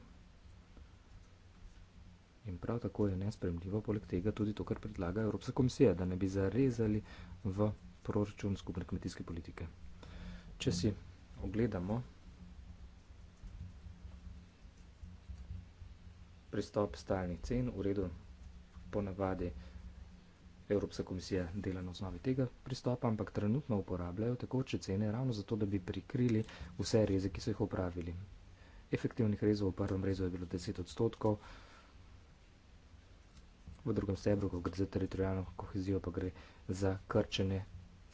In prav tako je nespremljivo poleg tega tudi to, kar predlaga Evropska komisija, da ne bi zarezali v proračun skupne kmetijske politike. Če si ogledamo pristop stalnih cen, v redu ponavadi Evropska komisija dela na osnovi tega pristopa, ampak trenutno uporabljajo tekoče cene ravno zato, da bi prikrili vse reze, ki so jih opravili. Efektivnih rezov v prvem rezu je bilo 10 odstotkov, v drugem stebru, ko gre za teritorijalno kohezijo, pa gre za krčene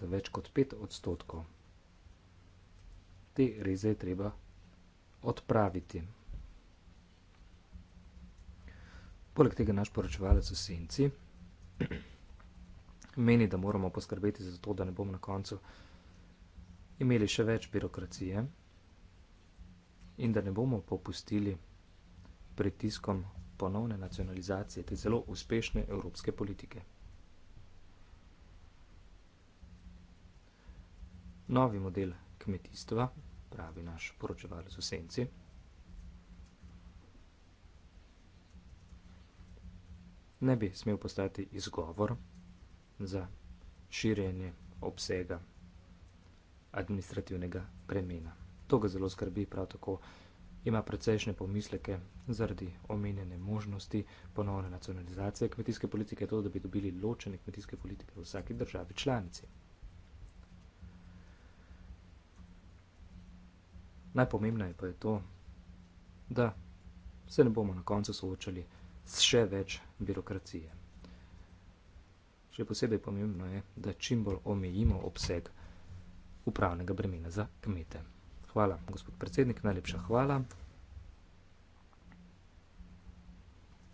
za več kot 5 odstotkov. Te reze je treba odpraviti. Poleg tega naš poročevalec v senci meni, da moramo poskrbeti za to, da ne bomo na koncu imeli še več birokracije in da ne bomo popustili pritiskom ponovne nacionalizacije te zelo uspešne evropske politike. Novi model kmetijstva, pravi naš poročeval z osenci, ne bi smel postati izgovor za širjenje obsega administrativnega premena. To ga zelo skrbi prav tako vsega, ima precejšnje pomisleke zaradi omenjene možnosti ponovne nacionalizacije kmetijske politike, to, da bi dobili ločene kmetijske politike v vsaki državi članici. Najpomembnejše pa je to, da se ne bomo na koncu soočali s še več birokracije. Še posebej pomembno je, da čim bolj omejimo obseg upravnega bremena za kmete. Hvala, gospod predsednik, najlepša hvala.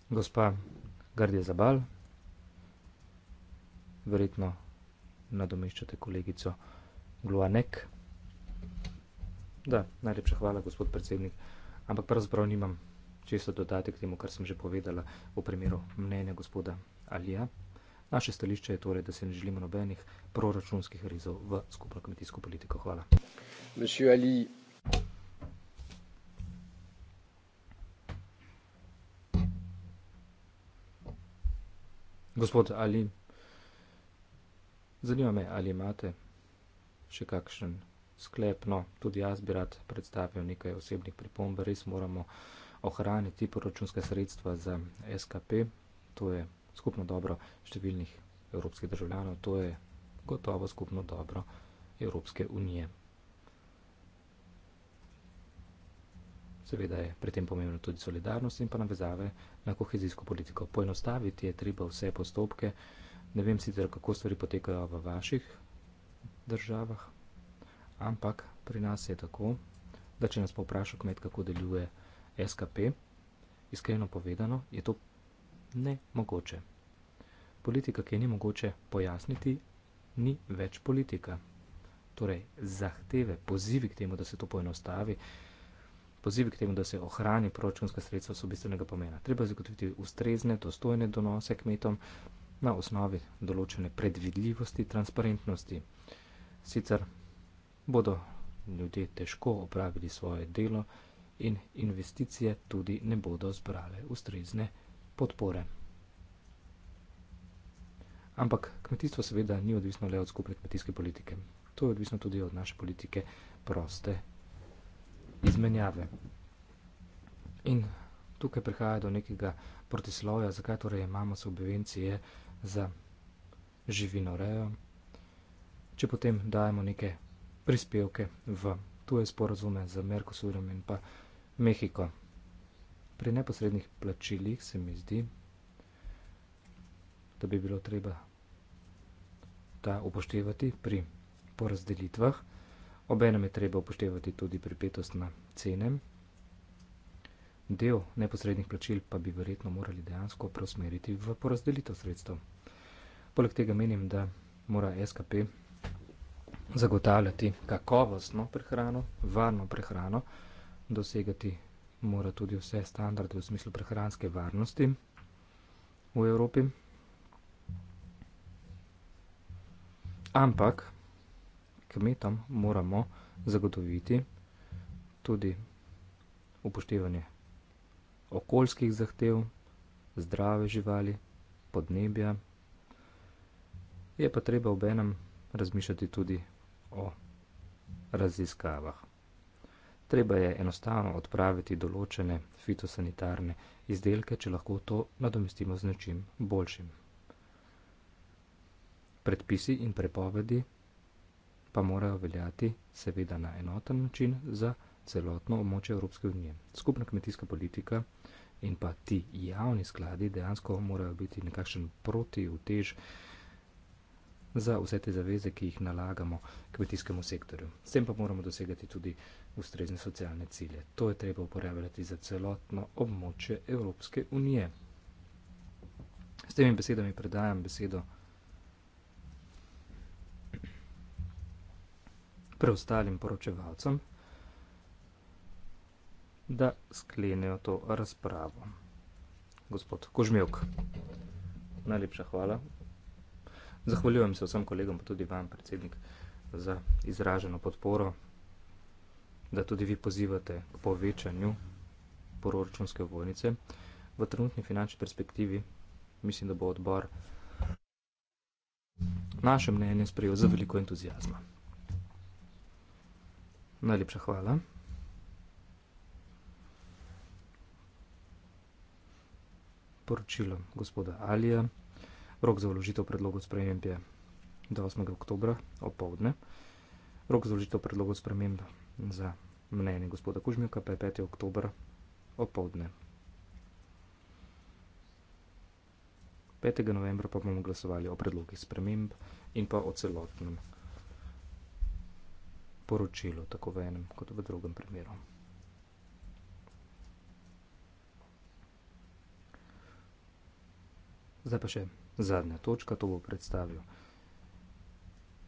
Gospa Gardija Zabal, verjetno nadomeščate kolegico Gluanek. Da, najlepša hvala, gospod predsednik, ampak pravzaprav nimam česa dodati k temu, kar sem že povedala v primeru mnenja gospoda Alija. Naše stališče je torej, da se ne želimo nobenih proračunskih rezov v skupno kmetijsko politiko. Hvala. Gospod Ali, zanima me, ali imate še kakšen sklep. No, tudi jaz bi rad predstavil nekaj osebnih pripomb. Res moramo ohraniti proračunske sredstva za SKP. To je skupno dobro številnih evropskih državljanov, to je gotovo skupno dobro Evropske unije. Seveda je pri tem pomembno tudi solidarnost in pa navezave na kohezijsko politiko. Poenostaviti je treba vse postopke. Ne vem sicer, kako stvari potekajo v vaših državah, ampak pri nas je tako, da če nas povpraša kmet, kako deluje SKP, iskreno povedano, je to nemogoče. Politika, ki je ni mogoče pojasniti, ni več politika. Torej, zahteve, pozivi k temu, da se to poenostavi, pozivi k temu, da se ohrani proračunska sredstva, so bistvenega pomena. Treba zagotoviti ustrezne, dostojne donose kmetom na osnovi določene predvidljivosti, transparentnosti. Sicer bodo ljudje težko opravili svoje delo in investicije tudi ne bodo zbrale ustrezne podpore. Ampak kmetijstvo seveda ni odvisno le od skupne kmetijske politike. To je odvisno tudi od naše politike proste izmenjave. In tukaj prihaja do nekega protisloja, zakaj torej imamo subvencije za živino rejo, če potem dajemo neke prispevke v tuje sporazume z Mercosurom in pa Mehiko pri neposrednih plačilih se mi zdi, da bi bilo treba ta upoštevati pri porazdelitvah. Obenem je treba upoštevati tudi pripetost na cene. Del neposrednih plačil pa bi verjetno morali dejansko prosmeriti v porazdelitev sredstev. Poleg tega menim, da mora SKP zagotavljati kakovostno prehrano, varno prehrano, dosegati mora tudi vse standarde v smislu prehranske varnosti v Evropi. Ampak kmetom moramo zagotoviti tudi upoštevanje okoljskih zahtev, zdrave živali, podnebja. Je pa treba ob enem razmišljati tudi o raziskavah. Treba je enostavno odpraviti določene fitosanitarne izdelke, če lahko to nadomestimo z nečim boljšim. Predpisi in prepovedi pa morajo veljati seveda na enoten način za celotno območje Evropske unije. Skupna kmetijska politika in pa ti javni skladi dejansko morajo biti nekakšen protivtež za vse te zaveze, ki jih nalagamo kmetijskemu sektorju. S tem pa moramo dosegati tudi ustrezne socialne cilje. To je treba uporabljati za celotno območje Evropske unije. S temi besedami predajam besedo preostalim poročevalcem, da sklenejo to razpravo. Gospod Kožmjok, najlepša hvala Zahvaljujem se vsem kolegom, pa tudi vam, predsednik, za izraženo podporo, da tudi vi pozivate k povečanju proračunske vojnice. V trenutni finančni perspektivi mislim, da bo odbor naše mnenje sprejel za veliko entuzijazma. Najlepša hvala. Poročilo gospoda Alija. Rok za vložitev predlogov sprememb je 8. oktober ob povdne. Rok za vložitev predlogov sprememb za mnenje gospoda Kužmjuka pa je 5. oktober ob povdne. 5. novembra pa bomo glasovali o predlogih sprememb in pa o celotnem poročilu, tako v enem kot v drugem primeru. Zdaj pa še zadnja točka, to bo predstavil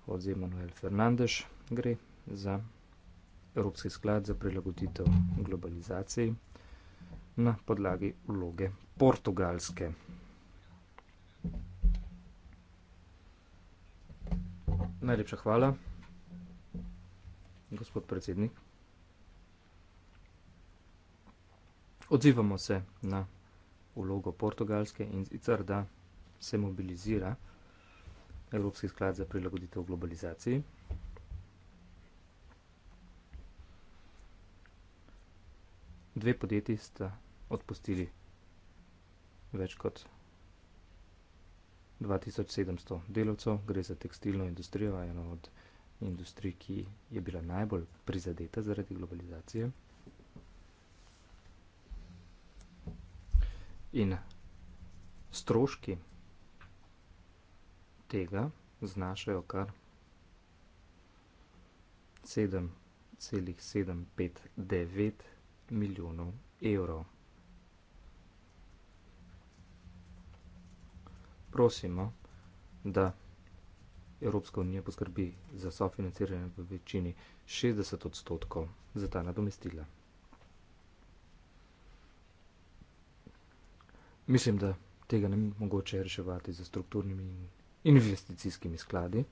odzem Manuel Fernandez, gre za Evropski sklad za prilagoditev globalizaciji na podlagi vloge portugalske. Najlepša hvala, gospod predsednik. Odzivamo se na vlogo portugalske in sicer da se mobilizira Evropski sklad za prilagoditev globalizaciji. Dve podjetji sta odpustili več kot 2700 delovcev, gre za tekstilno industrijo, eno od industrij, ki je bila najbolj prizadeta zaradi globalizacije. In stroški tega znašajo kar 7,759 milijonov evrov. Prosimo, da Evropska unija poskrbi za sofinanciranje v večini 60 odstotkov za ta nadomestila. Mislim, da tega ne mogoče reševati za strukturnimi in investicijskimi skladi.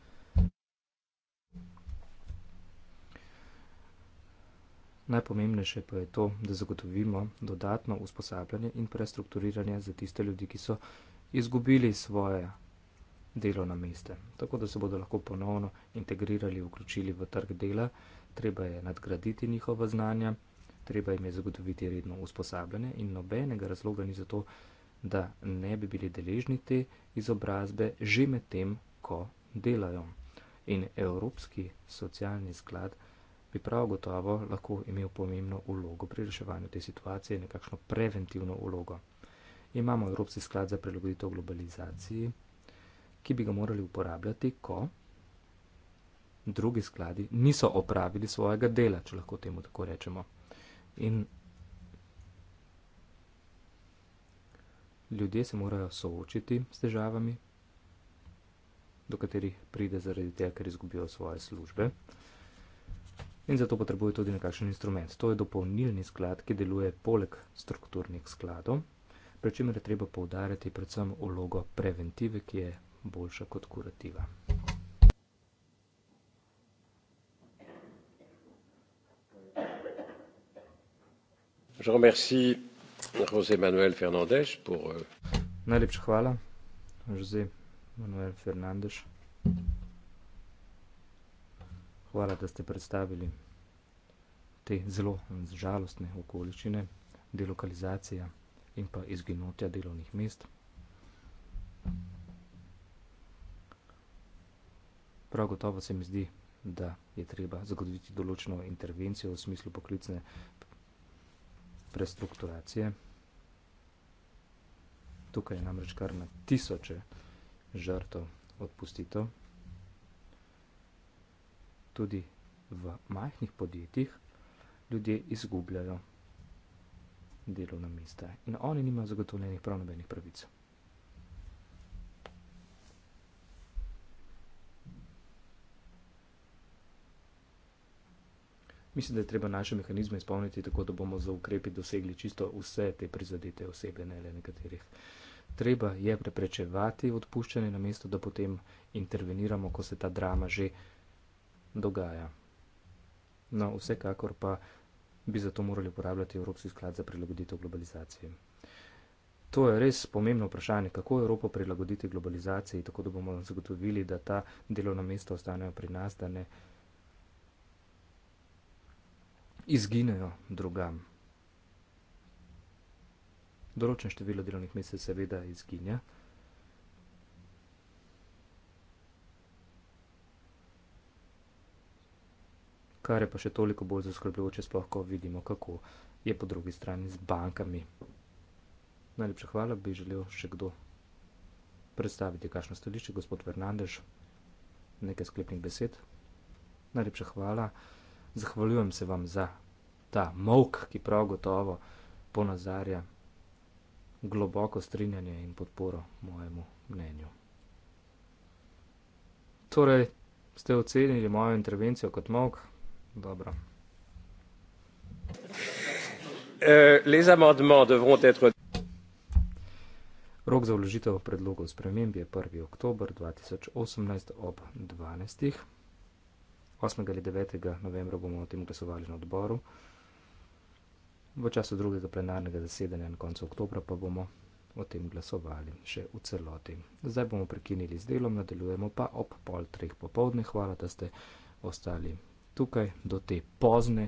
Najpomembnejše pa je to, da zagotovimo dodatno usposabljanje in prestrukturiranje za tiste ljudi, ki so izgubili svoje delovna mesta, tako da se bodo lahko ponovno integrirali, vključili v trg dela, treba je nadgraditi njihova znanja, treba jim je zagotoviti redno usposabljanje in nobenega razloga ni za to, da da ne bi bili deležni te izobrazbe že med tem, ko delajo. In Evropski socialni sklad bi prav gotovo lahko imel pomembno ulogo pri reševanju te situacije, nekakšno preventivno ulogo. Imamo Evropski sklad za prilagoditev globalizaciji, ki bi ga morali uporabljati, ko drugi skladi niso opravili svojega dela, če lahko temu tako rečemo. In ljudje se morajo soočiti s težavami, do katerih pride zaradi tega, ker izgubijo svoje službe. In zato potrebuje tudi nekakšen instrument. To je dopolnilni sklad, ki deluje poleg strukturnih skladov, pri čemer je treba poudarjati predvsem vlogo preventive, ki je boljša kot kurativa. Je remercie José Manuel Fernandez. Pour... Euh, Najlepša hvala, José Manuel Fernandez. Hvala, da ste predstavili te zelo žalostne okoličine, delokalizacija in pa izginotja delovnih mest. Prav gotovo se mi zdi, da je treba zagotoviti določeno intervencijo v smislu poklicne prestrukturacije. Tukaj je namreč kar na tisoče žrtov odpustitev. Tudi v majhnih podjetjih ljudje izgubljajo delovna mesta in oni nima zagotovljenih pravnobenih pravicev. Mislim, da je treba naše mehanizme izpolniti tako, da bomo za ukrepi dosegli čisto vse te prizadete osebe, ne le nekaterih. Treba je preprečevati odpuščanje na mesto, da potem interveniramo, ko se ta drama že dogaja. No, vsekakor pa bi zato morali uporabljati Evropski sklad za prilagoditev globalizacije. To je res pomembno vprašanje, kako Evropo prilagoditi globalizaciji, tako da bomo zagotovili, da ta delovna mesta ostanejo pri nas, da ne izginejo drugam. Določen število delovnih mest se seveda izginja. Kar je pa še toliko bolj zaskrbljujoče, sploh ko vidimo, kako je po drugi strani z bankami. Najlepša hvala bi želel še kdo predstaviti, kakšno stališče, gospod Fernandez, nekaj sklepnih besed. Najlepša hvala. Zahvaljujem se vam za ta mok, ki prav gotovo ponazarja globoko strinjanje in podporo mojemu mnenju. Torej, ste ocenili mojo intervencijo kot mok? Dobro. Euh, Rok za vložitev predlogov sprememb je 1. oktober 2018 ob 12. 8. ali 9. novembra bomo o tem glasovali na odboru. V času drugega plenarnega zasedanja na koncu oktobra pa bomo o tem glasovali še v celoti. Zdaj bomo prekinili z delom, nadaljujemo pa ob pol treh popovdne. Hvala, da ste ostali tukaj do te pozne,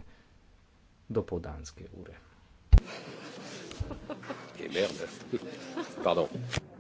do povdanske ure. Hey, merde. Pardon.